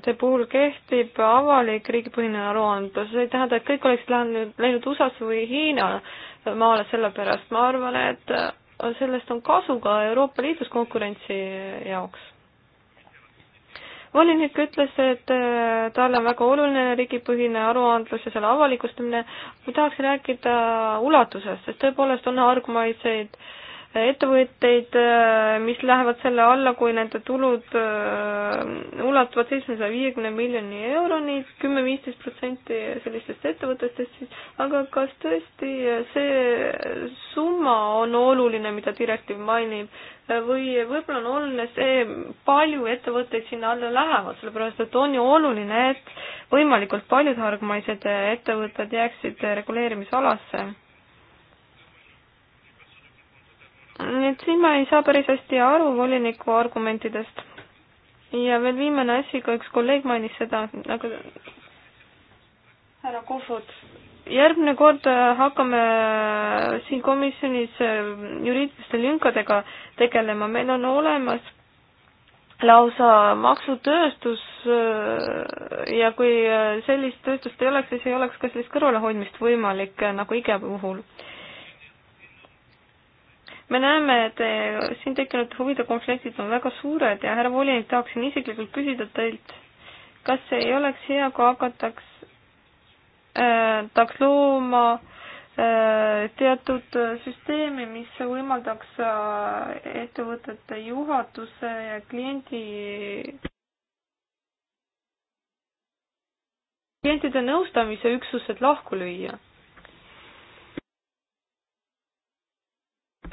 äh, puhul kehtib avalik riigipõhine aruandlus, see ei tähenda, et kõik oleksid läinud, läinud USA-sse või Hiina maale selle pärast, ma arvan, et sellest on kasu ka Euroopa Liidus konkurentsi jaoks volinik ütles, et äh, talle on väga oluline riigipõhine aruandlus ja selle avalikustamine. ma tahaks rääkida ulatusest, sest tõepoolest on argumaid ettevõtteid, äh, mis lähevad selle alla, kui nende tulud äh, ulatuvad seitsmesaja viiekümne miljoni euroni, kümme, viisteist protsenti sellistest ettevõtetest siis, aga kas tõesti äh, see summa on oluline, mida direktiiv mainib, või võib-olla on oluline see, palju ettevõtteid sinna alla lähevad, sellepärast et on ju oluline, et võimalikult paljud hargmaised ettevõtted jääksid reguleerimisalasse et siin ma ei saa päris hästi aru voliniku argumentidest. ja veel viimane asi, ka üks kolleeg mainis seda, aga härra Kohvud, järgmine kord äh, hakkame äh, siin komisjonis äh, juriidiliste lünkadega tegelema, meil on olemas lausa maksutööstus ja kui sellist tööstust ei oleks, siis ei oleks ka sellist kõrvalehoidmist võimalik nagu IKEA puhul me näeme, et eh, siin tekkinud huvide konfliktid on väga suured ja härra volinik, tahaksin isiklikult küsida teilt, kas ei oleks hea, kui hakataks äh,, tahaks looma äh, teatud süsteemi, mis võimaldaks äh, ettevõtete juhatuse ja kliendi klientide nõustamise üksused lahku lüüa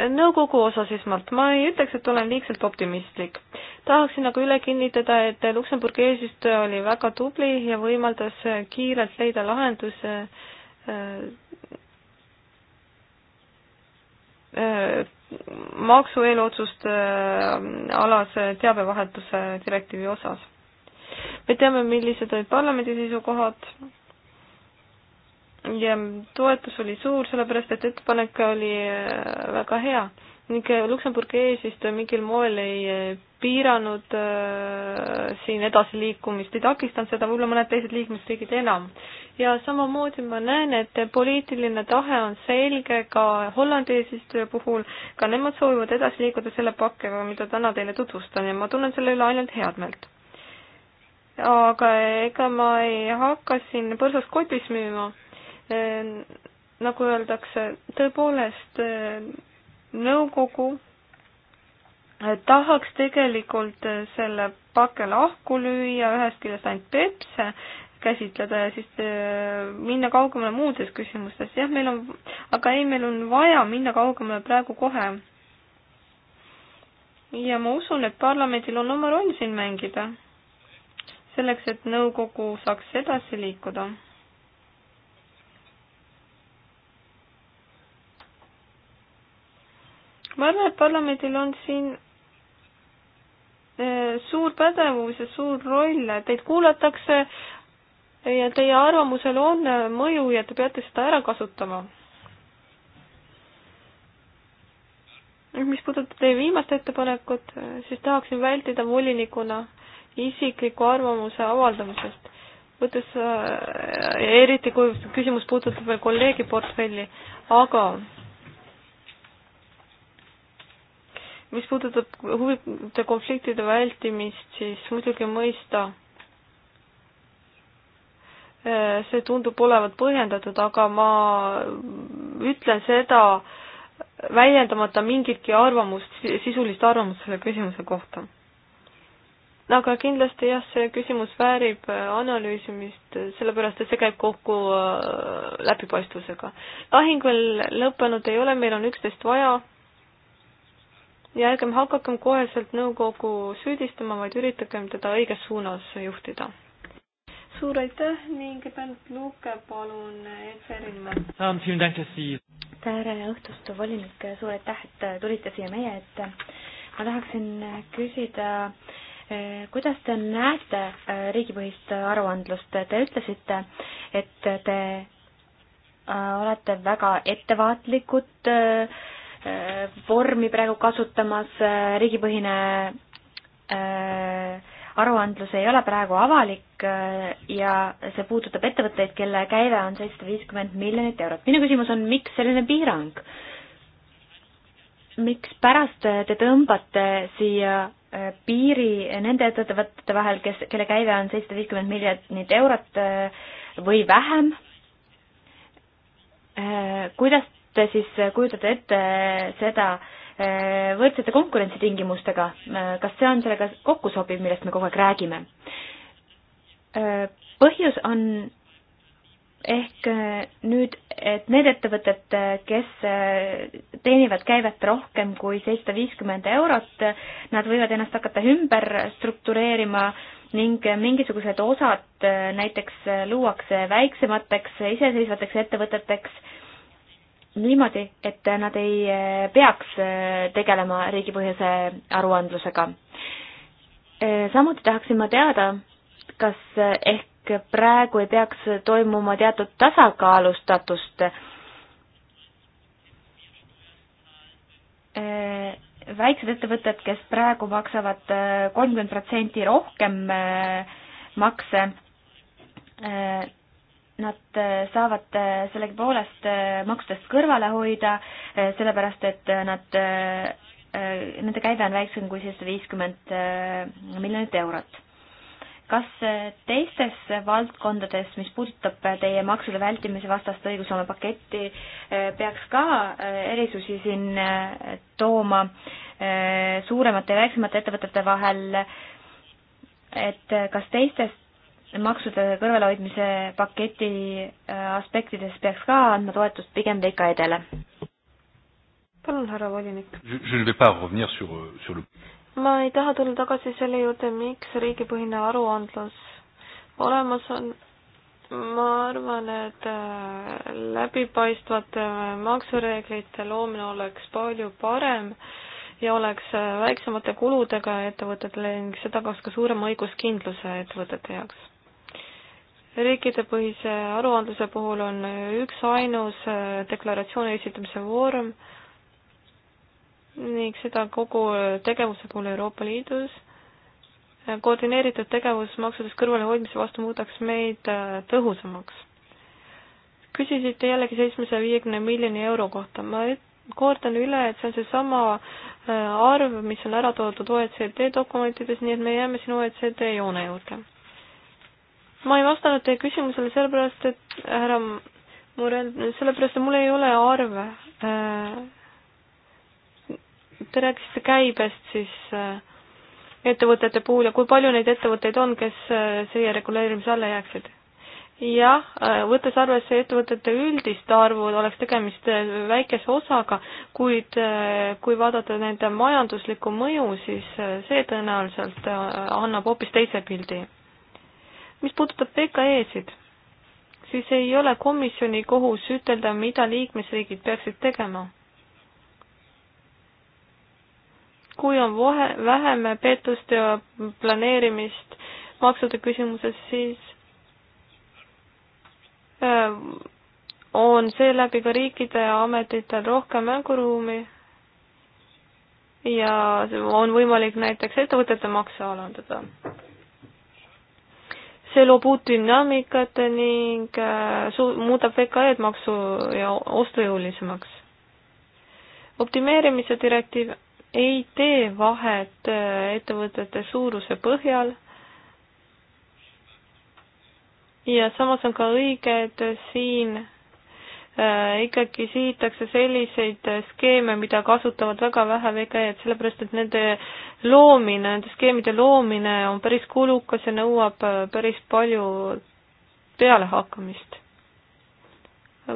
nõukogu osas esmalt, ma ei ütleks, et olen liigselt optimistlik. tahaksin aga üle kinnitada, et Luksemburgi eesistuja oli väga tubli ja võimaldas kiirelt leida lahenduse äh, äh, maksueelotsuste äh, alase teabevahetuse direktiivi osas. me teame, millised olid parlamendi seisukohad ja toetus oli suur, sellepärast et ettepanek oli äh, väga hea ning äh, Luksemburgi eesistuja mingil moel ei äh, piiranud äh, siin edasiliikumist, ei takistanud seda, võib-olla mõned teised liikmesriigid enam. ja samamoodi ma näen, et poliitiline tahe on selge ka Hollandi eesistuja puhul, ka nemad soovivad edasi liikuda selle pakkega, mida täna teile tutvustan ja ma tunnen selle üle ainult head meelt. aga ega ma ei hakka siin põrsast kotis müüma Ehm, nagu öeldakse, tõepoolest ehm, nõukogu eh, tahaks tegelikult eh, selle pake lahku lüüa, ühest küljest ainult Pepse eh, käsitleda ja siis minna kaugemale muudes küsimustes, jah, meil on, aga ei, meil on vaja minna kaugemale praegu kohe. ja ma usun, et parlamendil on oma roll siin mängida, selleks et nõukogu saaks edasi liikuda ma arvan, et parlamendil on siin äh, suur pädevus ja suur roll, teid kuulatakse ja teie arvamusel on mõju ja te peate seda ära kasutama. mis puudutab teie viimast ettepanekut, siis tahaksin vältida volinikuna isikliku arvamuse avaldamisest, võttes äh,, eriti kui küsimus puudutab veel kolleegi portfelli, aga mis puudutab huvide konfliktide vältimist, siis muidugi mõista, äh, see tundub olevat põhjendatud, aga ma ütlen seda väljendamata mingitki arvamust, sisulist arvamust selle küsimuse kohta. aga kindlasti jah, see küsimus väärib äh, analüüsimist, äh, sellepärast et see käib kokku läbipaistvusega. lahing veel lõppenud ei ole, meil on üksteist vaja ja ärgem hakakem koheselt nõukogu süüdistama, vaid üritagem teda õiges suunas juhtida. suur aitäh ning Bernt Luuke, palun, ECR-i nimel. tere õhtust, volinik, suur aitäh, et tulite siia meie ette. ma tahaksin küsida eh, kuidas te näete eh, riigipõhist aruandlust, te ütlesite, et te eh, olete väga ettevaatlikud äh, Äh, vormi praegu kasutamas, äh, riigipõhine äh, aruandlus ei ole praegu avalik ja see puudutab ettevõtteid, kelle käive on seitsesada viiskümmend miljonit eurot. minu küsimus on, miks selline piirang? mikspärast te tõmbate siia piiri nende ettevõtete vahel, kes, kelle käive on seitsesada viiskümmend miljonit eurot või vähem. kuidas te siis kujutate ette seda eh, võrdsete konkurentsitingimustega, eh, kas see on sellega kokku sobiv, millest me kogu aeg räägime? Eh, põhjus on ehk nüüd, et need ettevõtted, kes teenivad käivet rohkem kui seitsesada viiskümmend eurot, nad võivad ennast hakata ümber struktureerima ning mingisugused osad näiteks luuakse väiksemateks iseseisvateks ettevõteteks niimoodi, et nad ei eh, peaks eh, tegelema riigipõhjase aruandlusega. Eh, samuti tahaksin ma teada, kas ehk praegu ei peaks toimuma teatud tasakaalustatust väiksed ettevõtted, kes praegu maksavad kolmkümmend protsenti rohkem makse, nad eh, saavad eh, sellegipoolest eh, maksudest kõrvale hoida, sellepärast et nad, nende käive on väiksem kui seitsesada viiskümmend miljonit eurot. kas teistes valdkondades, mis puudutab teie maksude vältimise vastast õigusloome paketti, peaks ka erisusi siin tooma suuremate ja väiksemate ettevõtete vahel, et kas teistes maksude kõrvalehoidmise paketi äh, aspektides peaks ka andma toetust pigem VKE-dele. palun, härra volinik. Euh, ma ei taha tulla tagasi selle juurde, miks riigipõhine aruandlus olemas on. ma arvan, et äh, läbipaistvate äh, maksureeglite loomine oleks palju parem ja oleks väiksemate kuludega ettevõtetele ning see tagaks ka suurema õiguskindluse ettevõtete jaoks riikidepõhise aruandluse puhul on üksainus äh, deklaratsiooni esitamise vorm ning seda kogu tegevuse puhul Euroopa Liidus. Äh, koordineeritud tegevus maksudest kõrvalehoidmise vastu muudaks meid äh, tõhusamaks. küsisite jällegi seitsmesaja viiekümne miljoni euro kohta, ma kordan üle, et see on seesama arv, mis on ära toodud OECD dokumentides, nii et me jääme siin OECD joone juurde ma ei vastanud teie küsimusele sellepärast, et härra Murel, sellepärast, et mul ei ole arve. Äh, te rääkisite käibest siis äh, ettevõtete puhul ja kui palju neid ettevõtteid on, kes äh, siia reguleerimise alla jääksid? jah, võttes arvesse ettevõtete üldist arvu, oleks tegemist väikese osaga, kuid kui vaadata nende majanduslikku mõju, siis see tõenäoliselt annab hoopis teise pildi mis puudutab VKE-sid, siis ei ole komisjoni kohus ütelda, mida liikmesriigid peaksid tegema. kui on vahe, vähem pettust ja planeerimist maksude küsimuses, siis äh, on seeläbi ka riikide ja ametitel rohkem mänguruumi ja on võimalik näiteks ettevõtete makse alandada see loob uut dünaamikat ning äh, su-, muudab VKE-d maksu ja ostujõulisemaks. optimeerimise direktiiv ei tee vahet äh, ettevõtete suuruse põhjal ja samas on ka õiged siin Äh, ikkagi sihitakse selliseid skeeme, mida kasutavad väga vähe VKE-d, sellepärast et nende loomine, nende skeemide loomine on päris kulukas ja nõuab äh, päris palju pealehakkamist.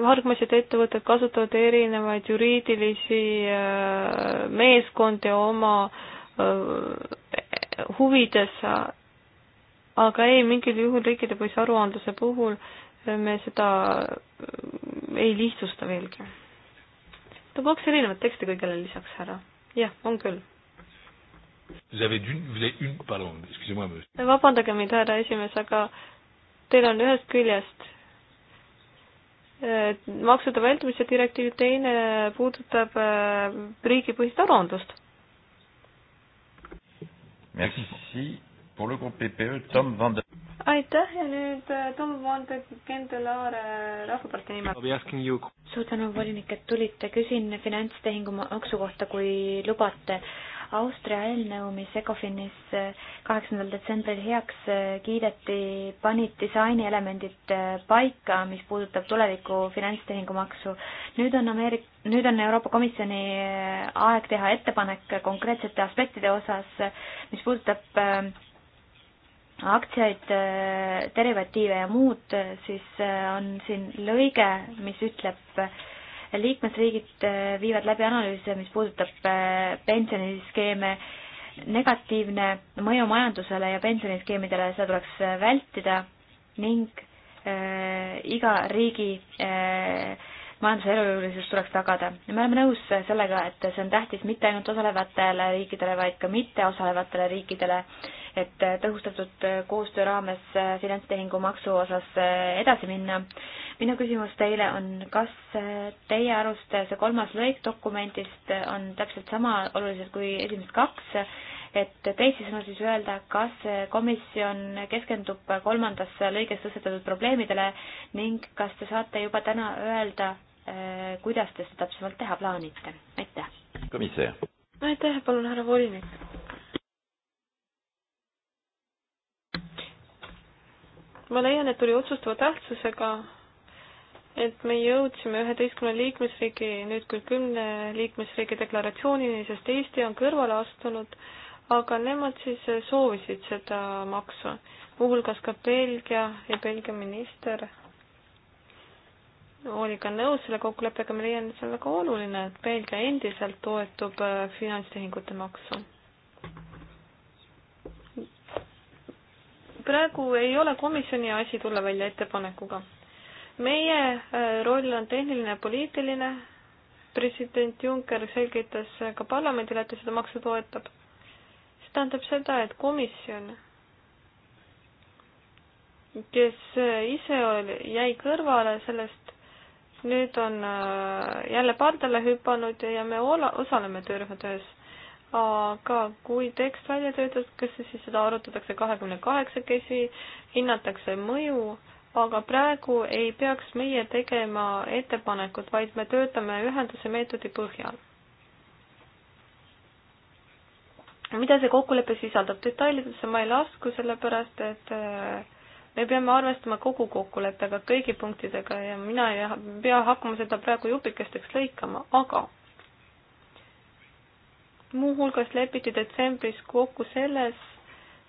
hargmased ettevõtted kasutavad erinevaid juriidilisi äh, meeskondi oma huvides, aga ei, mingil juhul riikide poisse aruandluse puhul me seda ei lihtsusta veelgi. Need on kaks erinevat teksti kõigele lisaks, härra. jah, on küll. Äh, vabandage mind, härra esimees, aga teil on ühest küljest äh, maksude vältimise direktiiv, teine puudutab äh, riigipõhist aruandlust. Merci pour le groupe PPE, Tom Vander aitäh ja nüüd äh, Tom Van de Kendelaare Rahvapartei nimel. suur tänu, volinik, et tulite. küsin finantstehingu maksu kohta, kui lubate. Austria eelnõu, mis Ecofinis äh, kaheksandal detsembril heaks äh, kiideti, panid disainielemendid paika, mis puudutab tuleviku finantstehingumaksu. nüüd on Ameerik-, nüüd on Euroopa Komisjoni aeg teha ettepanek konkreetsete aspektide osas, mis puudutab aktsiaid, äh, derivatiive ja muud, äh, siis äh, on siin lõige, mis ütleb, liikmesriigid viivad läbi analüüse, mis puudutab pensioniskeeme, negatiivne mõju majandusele ja pensioniskeemidele, seda tuleks vältida ning äh, iga riigi äh, majanduse elujõulisus tuleks tagada. me oleme nõus sellega, et see on tähtis mitte ainult osalevatele riikidele, vaid ka mitteosalevatele riikidele äh, et tõhustatud koostöö raames finantstehingumaksu osas edasi minna. minu küsimus teile on, kas teie arust see kolmas lõik dokumendist on täpselt sama olulised kui esimesed kaks, et teisisõnu siis öelda, kas komisjon keskendub kolmandas lõiges tõstatatud probleemidele ning kas te saate juba täna öelda, kuidas te seda täpsemalt teha plaanite? aitäh! aitäh, palun härra volinik! ma leian, et oli otsustava tähtsusega, et me jõudsime üheteistkümne liikmesriigi, nüüd küll kümne liikmesriigi deklaratsioonini, sest Eesti on kõrvale astunud, aga nemad siis soovisid seda maksu, muuhulgas ka Belgia ja Belgia minister oli ka nõus selle kokkuleppega, ma leian, et see on väga oluline, et Belgia endiselt toetub äh, finantstehingute maksu praegu ei ole komisjoni asi tulla välja ettepanekuga. meie äh, roll on tehniline ja poliitiline. president Juncker selgitas ka parlamendile, et ta seda maksu toetab. see tähendab seda, et komisjon, kes äh, ise oli, jäi kõrvale sellest, nüüd on äh, jälle pardale hüpanud ja me osaleme töörühma töös aga kui tekst välja töötatakse, siis seda arutatakse kahekümne kaheksakesi, hinnatakse mõju, aga praegu ei peaks meie tegema ettepanekut, vaid me töötame ühenduse meetodi põhjal mida see kokkulepe sisaldab, detailidesse ma ei lasku, sellepärast et äh, me peame arvestama kogu kokkuleppega, kõigi punktidega ja mina ei pea hakkama seda praegu jupikesteks lõikama, aga muuhulgas lepiti detsembris kokku selles,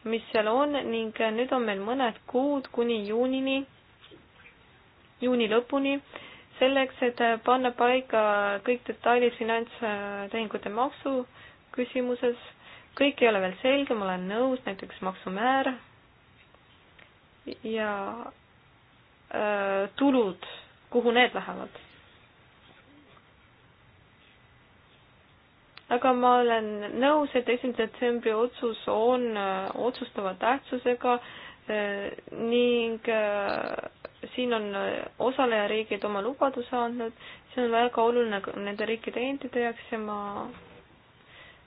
mis seal on ning nüüd on meil mõned kuud kuni juunini, juuni lõpuni, selleks, et panna paika kõik detailid finantstehingute maksu küsimuses. kõik ei ole veel selge, ma olen nõus, näiteks maksumäär ja öö, äh, tulud, kuhu need lähevad aga ma olen nõus, et esimese detsembri otsus on äh, otsustava tähtsusega äh, ning äh, siin on osalejariigid oma lubaduse andnud, see on väga oluline nende riikide endide jaoks ja ma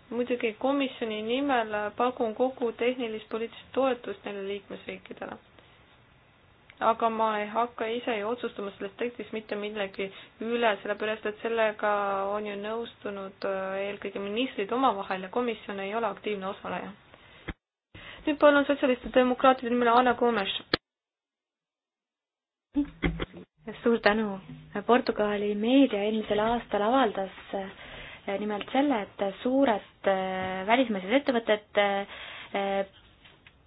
muidugi komisjoni nimel pakun kogu tehnilist poliitilist toetust neile liikmesriikidele aga ma ei hakka ise ju otsustama selles tekstis mitte millegi üle, sellepärast et sellega on ju nõustunud äh, eelkõige ministrid omavahel ja komisjon ei ole aktiivne osaleja. nüüd palun sotsialistide demokraatide nimel Anna Gomes. suur tänu. Portugali meedia eelmisel aastal avaldas äh, nimelt selle, et suured äh, välismaised ettevõtted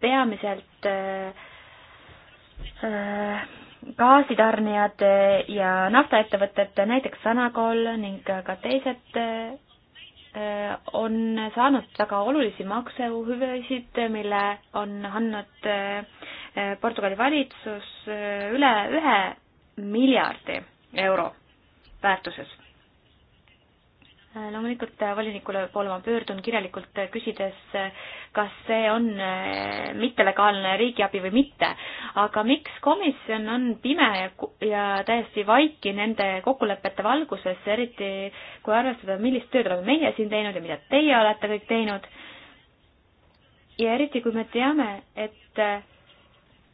peamiselt äh, Äh, gaasitarnijad ja naftaettevõtted, näiteks Sanagol ning ka teised äh, on saanud väga olulisi maksehüvesid, mille on andnud äh, Portugali valitsus üle ühe miljardi euro väärtuses Äh, loomulikult äh, volinikule poole ma pöördun kirjalikult äh, küsides, kas see on mittelegaalne riigiabi või mitte. aga miks komisjon on pime ja, ja täiesti vaiki nende kokkulepete valguses, eriti kui arvestada, millist tööd oleme meie siin teinud ja mida teie olete kõik teinud? ja eriti, kui me teame, et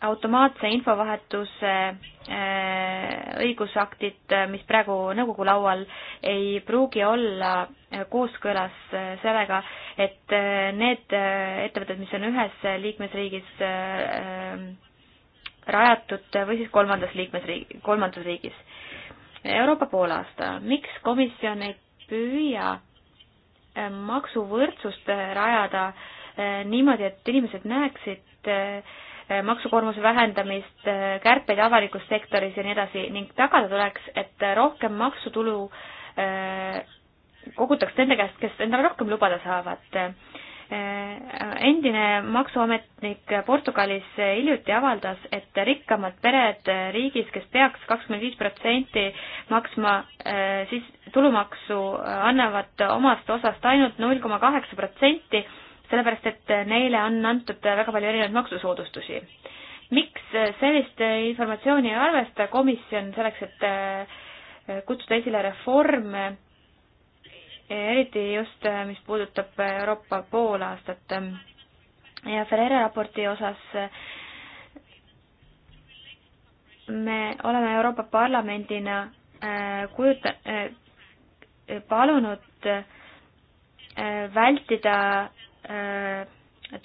automaatse infovahetuse äh, õigusaktid, äh, mis praegu nõukogu laual, ei pruugi olla äh, kooskõlas sellega, et need ettevõtted, mis on ühes liikmesriigis rajatud või siis kolmandas liikmesriig, kolmandas riigis. Euroopa poolaasta, miks komisjon ei püüa maksuvõrdsust rajada niimoodi, et inimesed näeksid, Eh, maksukoormuse vähendamist, eh, kärpeid avalikus sektoris ja nii edasi ning tagada tuleks, et rohkem maksutulu eh, kogutaks nende käest, kes endale rohkem lubada saavad. Endine maksuametnik Portugalis hiljuti avaldas, et rikkamad pered riigis, kes peaks kakskümmend viis protsenti maksma siis tulumaksu, annavad omast osast ainult null koma kaheksa protsenti sellepärast et neile on antud väga palju erinevaid maksusoodustusi. miks sellist informatsiooni ei arvesta komisjon selleks, et äh, kutsuda esile reforme, eriti just, äh, mis puudutab Euroopa poolaastat ja Ferreira raporti osas äh, me oleme Euroopa Parlamendina kujuta-, palunud vältida Äh,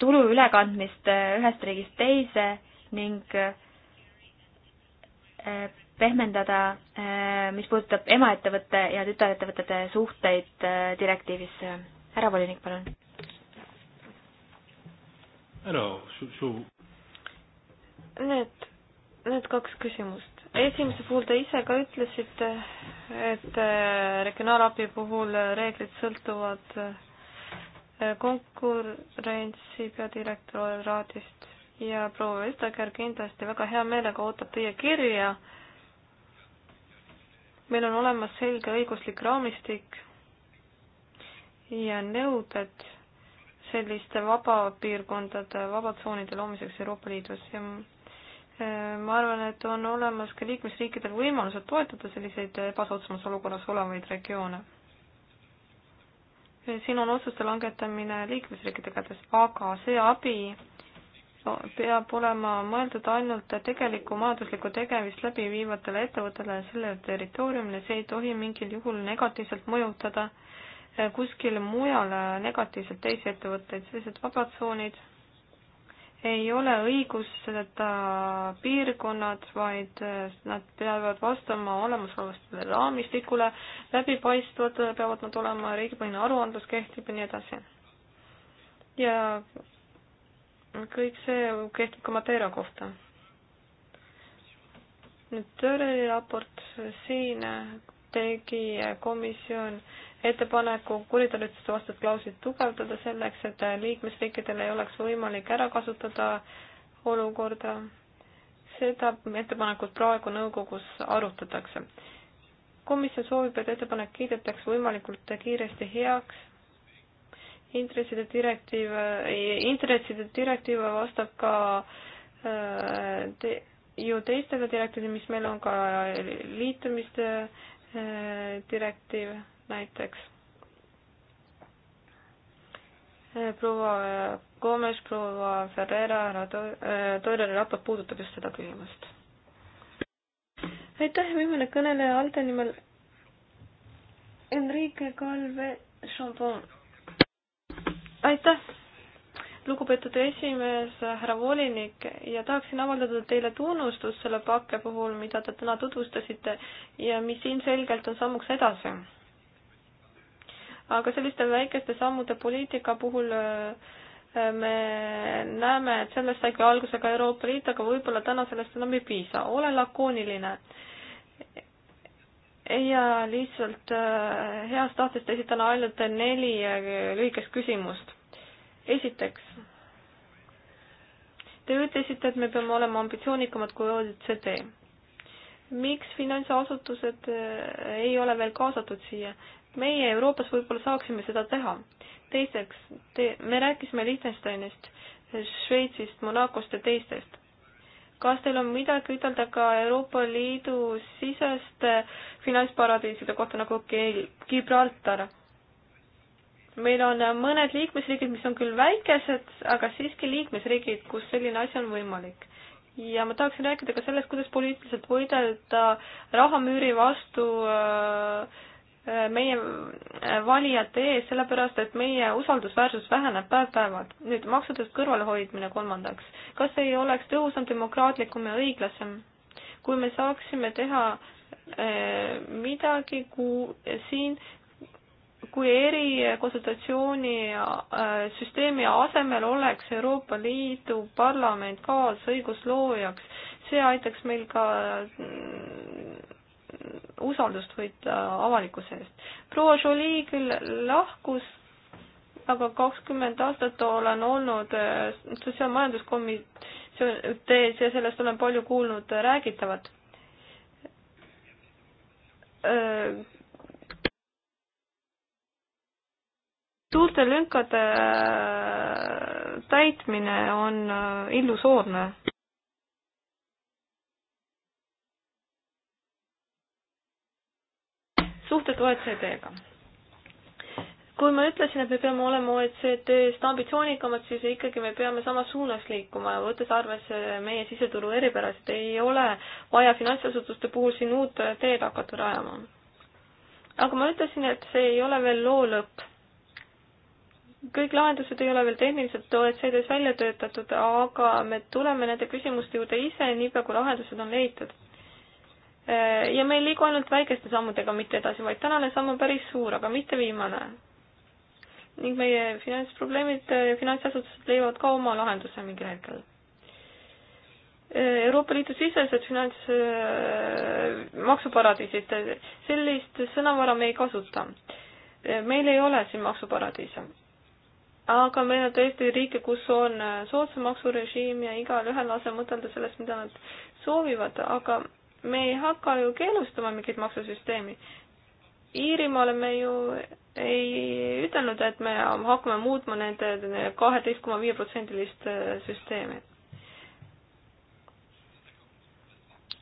tulu ülekandmist äh, ühest riigist teise ning äh, pehmendada, mis puudutab emaettevõtte ja tütarettevõtete suhteid direktiivis. härra volinik, palun. Hello, su-, su-. Need, need kaks küsimust esimese puhul te ise ka ütlesite, et regionaalabi puhul reeglid sõltuvad konkurentsi peadirektoraadist ja proua Vestager kindlasti väga hea meelega ootab teie kirja. meil on olemas selge õiguslik raamistik ja nõuded selliste vabapiirkondade, vabatsoonide loomiseks Euroopa Liidus ja äh, ma arvan, et on olemas ka liikmesriikidel võimalused toetada selliseid ebasoodsamas olukorras olevaid regioone siin on otsuste langetamine liikmesriikide kätes, aga see abi peab olema mõeldud ainult tegelikku majanduslikku tegevust läbi viivatele ettevõttele sellel territooriumil ja see ei tohi mingil juhul negatiivselt mõjutada kuskil mujal negatiivselt teisi ettevõtteid, sellised vabad tsoonid ei ole õiguseta piirkonnad, vaid nad peavad vastama olemasolevastele raamistikule, läbipaistvad peavad nad olema, riigipõhine aruandlus kehtib ja nii edasi. ja kõik see kehtib ka Madeira kohta. nüüd Töreli raport, siin tegi komisjon äh, ettepaneku kuritarvituste vastast klauslit tugevdada selleks, et liikmesriikidel ei oleks võimalik ära kasutada olukorda. seda ettepanekut praegu nõukogus arutatakse. komisjon soovib, et ettepanek kiidetaks võimalikult kiiresti heaks. intresside direktiiv, intresside direktiiv vastab ka äh, te, ju teistele direktiividele, mis meil on ka liitumiste äh, direktiiv näiteks. proua Gomes, proua Ferreira, härra äh, Toirele raport puudutab just seda küsimust. aitäh, viimane kõneleja Alde nimel. Enrique Calve Chambon. aitäh, lugupeetud esimees, härra volinik ja tahaksin avaldada teile tunnustust selle pakke puhul, mida te täna tutvustasite ja mis ilmselgelt on sammuks edasi aga selliste väikeste sammude poliitika puhul äh, äh, me näeme, et sellest sai ka alguse ka Euroopa Liit, aga võib-olla täna sellest enam ei piisa, ole lakooniline. ja lihtsalt äh, heast tahtest esitan ainult neli lühikest küsimust. esiteks, te ütlesite, et me peame olema ambitsioonikamad kui OECD miks finantsasutused ei ole veel kaasatud siia? meie Euroopas võib-olla saaksime seda teha. teiseks, te, me rääkisime Liechtensteinist, Šveitsist, Monacost ja teistest. kas teil on midagi ütelda ka Euroopa Liidu siseste finantsparadiiside kohta nagu Gibraltar? meil on mõned liikmesriigid, mis on küll väikesed, aga siiski liikmesriigid, kus selline asi on võimalik ja ma tahaksin rääkida ka sellest, kuidas poliitiliselt võidelda rahamüüri vastu äh, Äh, meie äh, valijate ees, sellepärast et meie usaldusväärsus väheneb päev-päevalt. nüüd maksudest kõrvalehoidmine kolmandaks. kas ei oleks tõhusam, demokraatlikum ja õiglasem, kui me saaksime teha äh, midagi ku, siin, kui erikonsultatsiooni süsteemi asemel oleks Euroopa Liidu Parlament kaasõigusloojaks, see aitaks meil ka usaldust hoida avalikkuse eest. proua Jolie küll lahkus, aga kakskümmend aastat olen olnud eh, sotsiaalmajanduskomitee ja sellest olen palju kuulnud eh, räägitavat. suurte eh, lünkade täitmine on illusoorne suhted OECD-ga. kui ma ütlesin, et me peame olema OECD-st ambitsioonikamad, siis ikkagi me peame samas suunas liikuma, võttes arvesse meie siseturu eripärasid, ei ole vaja finantsasutuste puhul siin uut teed hakata rajama. aga ma ütlesin, et see ei ole veel loo lõpp kõik lahendused ei ole veel tehniliselt OECD-s välja töötatud, aga me tuleme nende küsimuste juurde ise niipea, kui lahendused on leitud Äh, ja me ei liigu ainult väikeste sammudega mitte edasi, vaid tänane samm on päris suur, aga mitte viimane. ning meie finantsprobleemid, äh, finantsasutused leiavad ka oma lahenduse mingil hetkel. Äh, Euroopa Liidu sisesed finants äh,, maksuparadiisid, sellist sõnavara me ei kasuta. meil ei ole siin maksuparadiise. aga meil on tõesti riike, kus on soodsam maksurežiim ja igalühel laseb mõtelda sellest, mida nad soovivad, aga me ei hakka ju keelustama mingit maksusüsteemi. Iirimaale me ju ei ütelnud, et me hakkame muutma nende kaheteist koma viie protsendilist äh, süsteemi.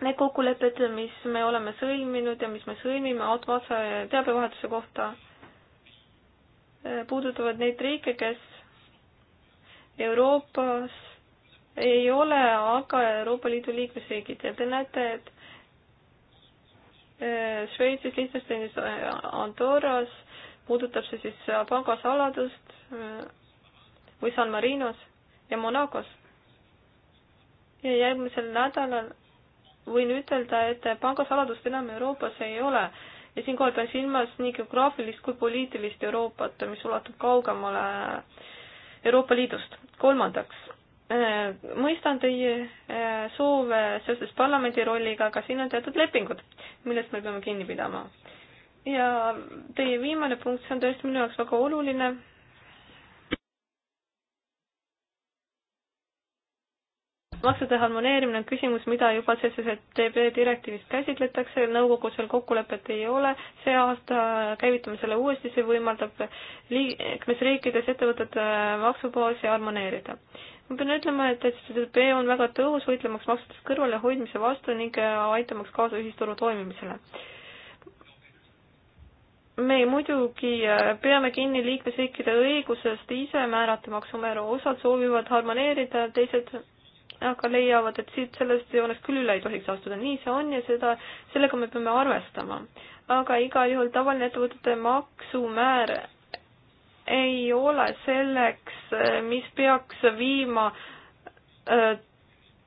Need kokkulepped, mis me oleme sõlminud ja mis me sõlmime Otvatsa teabevahetuse kohta, äh, puudutavad neid riike, kes Euroopas ei ole aga Euroopa Liidu liikmesriigid ja te näete, et Šveitsis, Liechtensteinis, äh, Andorras, puudutab see siis äh, pangasaladust äh, või San Marinos ja Monacos. ja järgmisel nädalal võin ütelda, et pangasaladust enam Euroopas ei ole ja siinkohal pean silmas nii geograafilist kui poliitilist Euroopat, mis ulatub kaugemale Euroopa Liidust. kolmandaks, Äh, mõistan teie äh, soove seoses parlamendi rolliga, aga siin on teatud lepingud, millest me peame kinni pidama. ja teie viimane punkt, see on tõesti minu jaoks väga oluline, maksude harmoneerimine on küsimus, mida juba CCCTB direktiivis käsitletakse, nõukogus veel kokkulepet ei ole, see aasta käivitame selle uuesti, see võimaldab liikmesriikides ettevõtete maksubaasi harmoneerida. ma pean ütlema, et CCCTB on väga tõhus võitlemaks maksudest kõrvalehoidmise vastu ning aitamaks kaasa ühisturu toimimisele me muidugi peame kinni liikmesriikide õigusest ise määrata maksumäära, osad soovivad harmoneerida, teised aga leiavad, et siit sellest joonest küll üle ei tohiks astuda. nii see on ja seda, sellega me peame arvestama. aga igal juhul tavaline ettevõtete maksumäär ei ole selleks, mis peaks viima äh,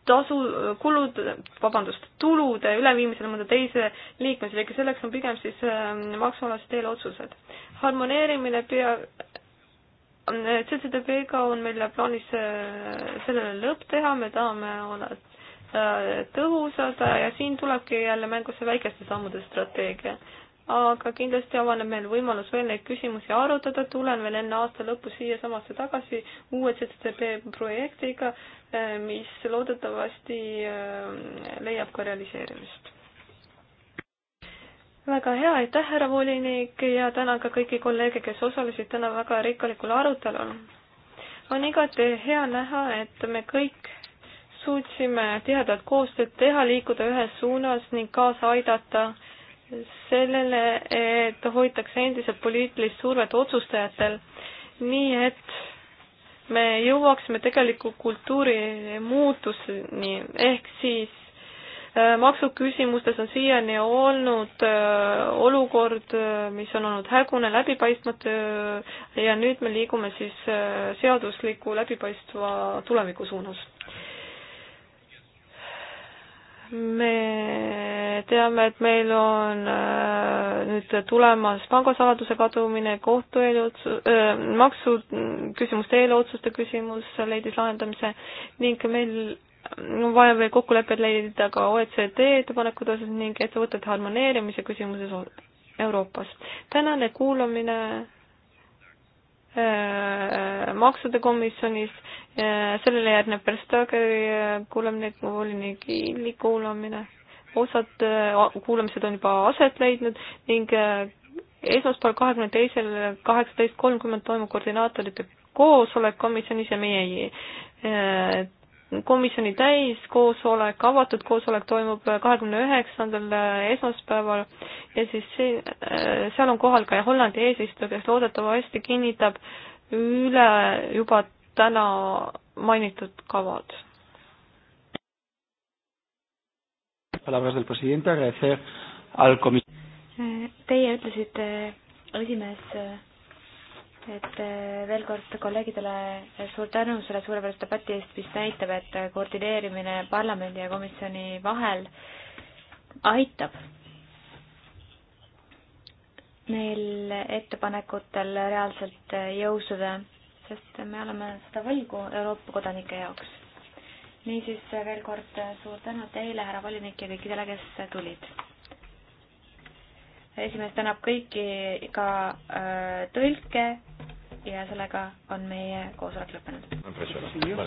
tasu, kulud, vabandust, tulude üleviimisele mõnda teise liikmesriiki, selleks on pigem siis äh, maksualased eelotsused. harmoneerimine pea, CCTV-ga on meil plaanis äh, sellele lõpp teha, me tahame olla äh, tõhusad äh, ja siin tulebki jälle mängusse väikeste sammude strateegia. aga kindlasti avaneb meil võimalus veel neid küsimusi arutada, tulen veel enne aasta lõppu siiasamasse tagasi uue CCTV projektiga, mis loodetavasti leiab ka realiseerimist väga hea, aitäh, härra volinik ja tänan ka kõiki kolleege, kes osalesid täna väga rikkalikul arutelul. on igati hea näha, et me kõik suutsime tihedat koostööd teha, liikuda ühes suunas ning kaasa aidata sellele, et hoitakse endiselt poliitilist survet otsustajatel, nii et me jõuaksime tegeliku kultuuri muutuseni, ehk siis Äh, maksuküsimustes on siiani olnud äh, olukord, äh, mis on olnud hägune, läbipaistmatu ja nüüd me liigume siis seadusliku läbipaistva tuleviku suunas me teame, et meil on äh, nüüd tulemas pangasaladuse kadumine, kohtu eelotsu- äh,, maksuküsimuste eelotsuste küsimus leidis lahendamise ning meil vaja veel kokkulepet leida ka OECD ettepanekute osas ning ettevõtete harmoneerimise küsimuses Euroopas. tänane kuulamine äh, maksude komisjonis äh,, sellele järgneb Verstageri äh, kuulamine, volinik Illi kuulamine, osad äh, kuulamised on juba aset leidnud ning äh, esmaspäeval, kahekümne teisel kaheksateist kolmkümmend toimub koordinaatorite koosolek komisjonis ja meie äh, komisjoni täiskoosolek, avatud koosolek toimub kahekümne üheksandal äh, esmaspäeval ja siis siin, äh, seal on kohal ka Hollandi eesistuja, kes loodetavasti kinnitab üle juba täna mainitud kavad. Äh, teie ütlesite, esimees et eh, veel kord kolleegidele eh, suur tänu selle suurepärase debati eest, mis näitab, et eh, koordineerimine parlamendi ja komisjoni vahel aitab neil ettepanekutel reaalselt jõustuda, sest me oleme seda võlgu Euroopa kodanike jaoks. niisiis veel kord suur tänu teile, härra volinik ja kõikidele, kes tulid esimees tänab kõiki, ka äh, tõlke ja sellega on meie koosolek lõppenud.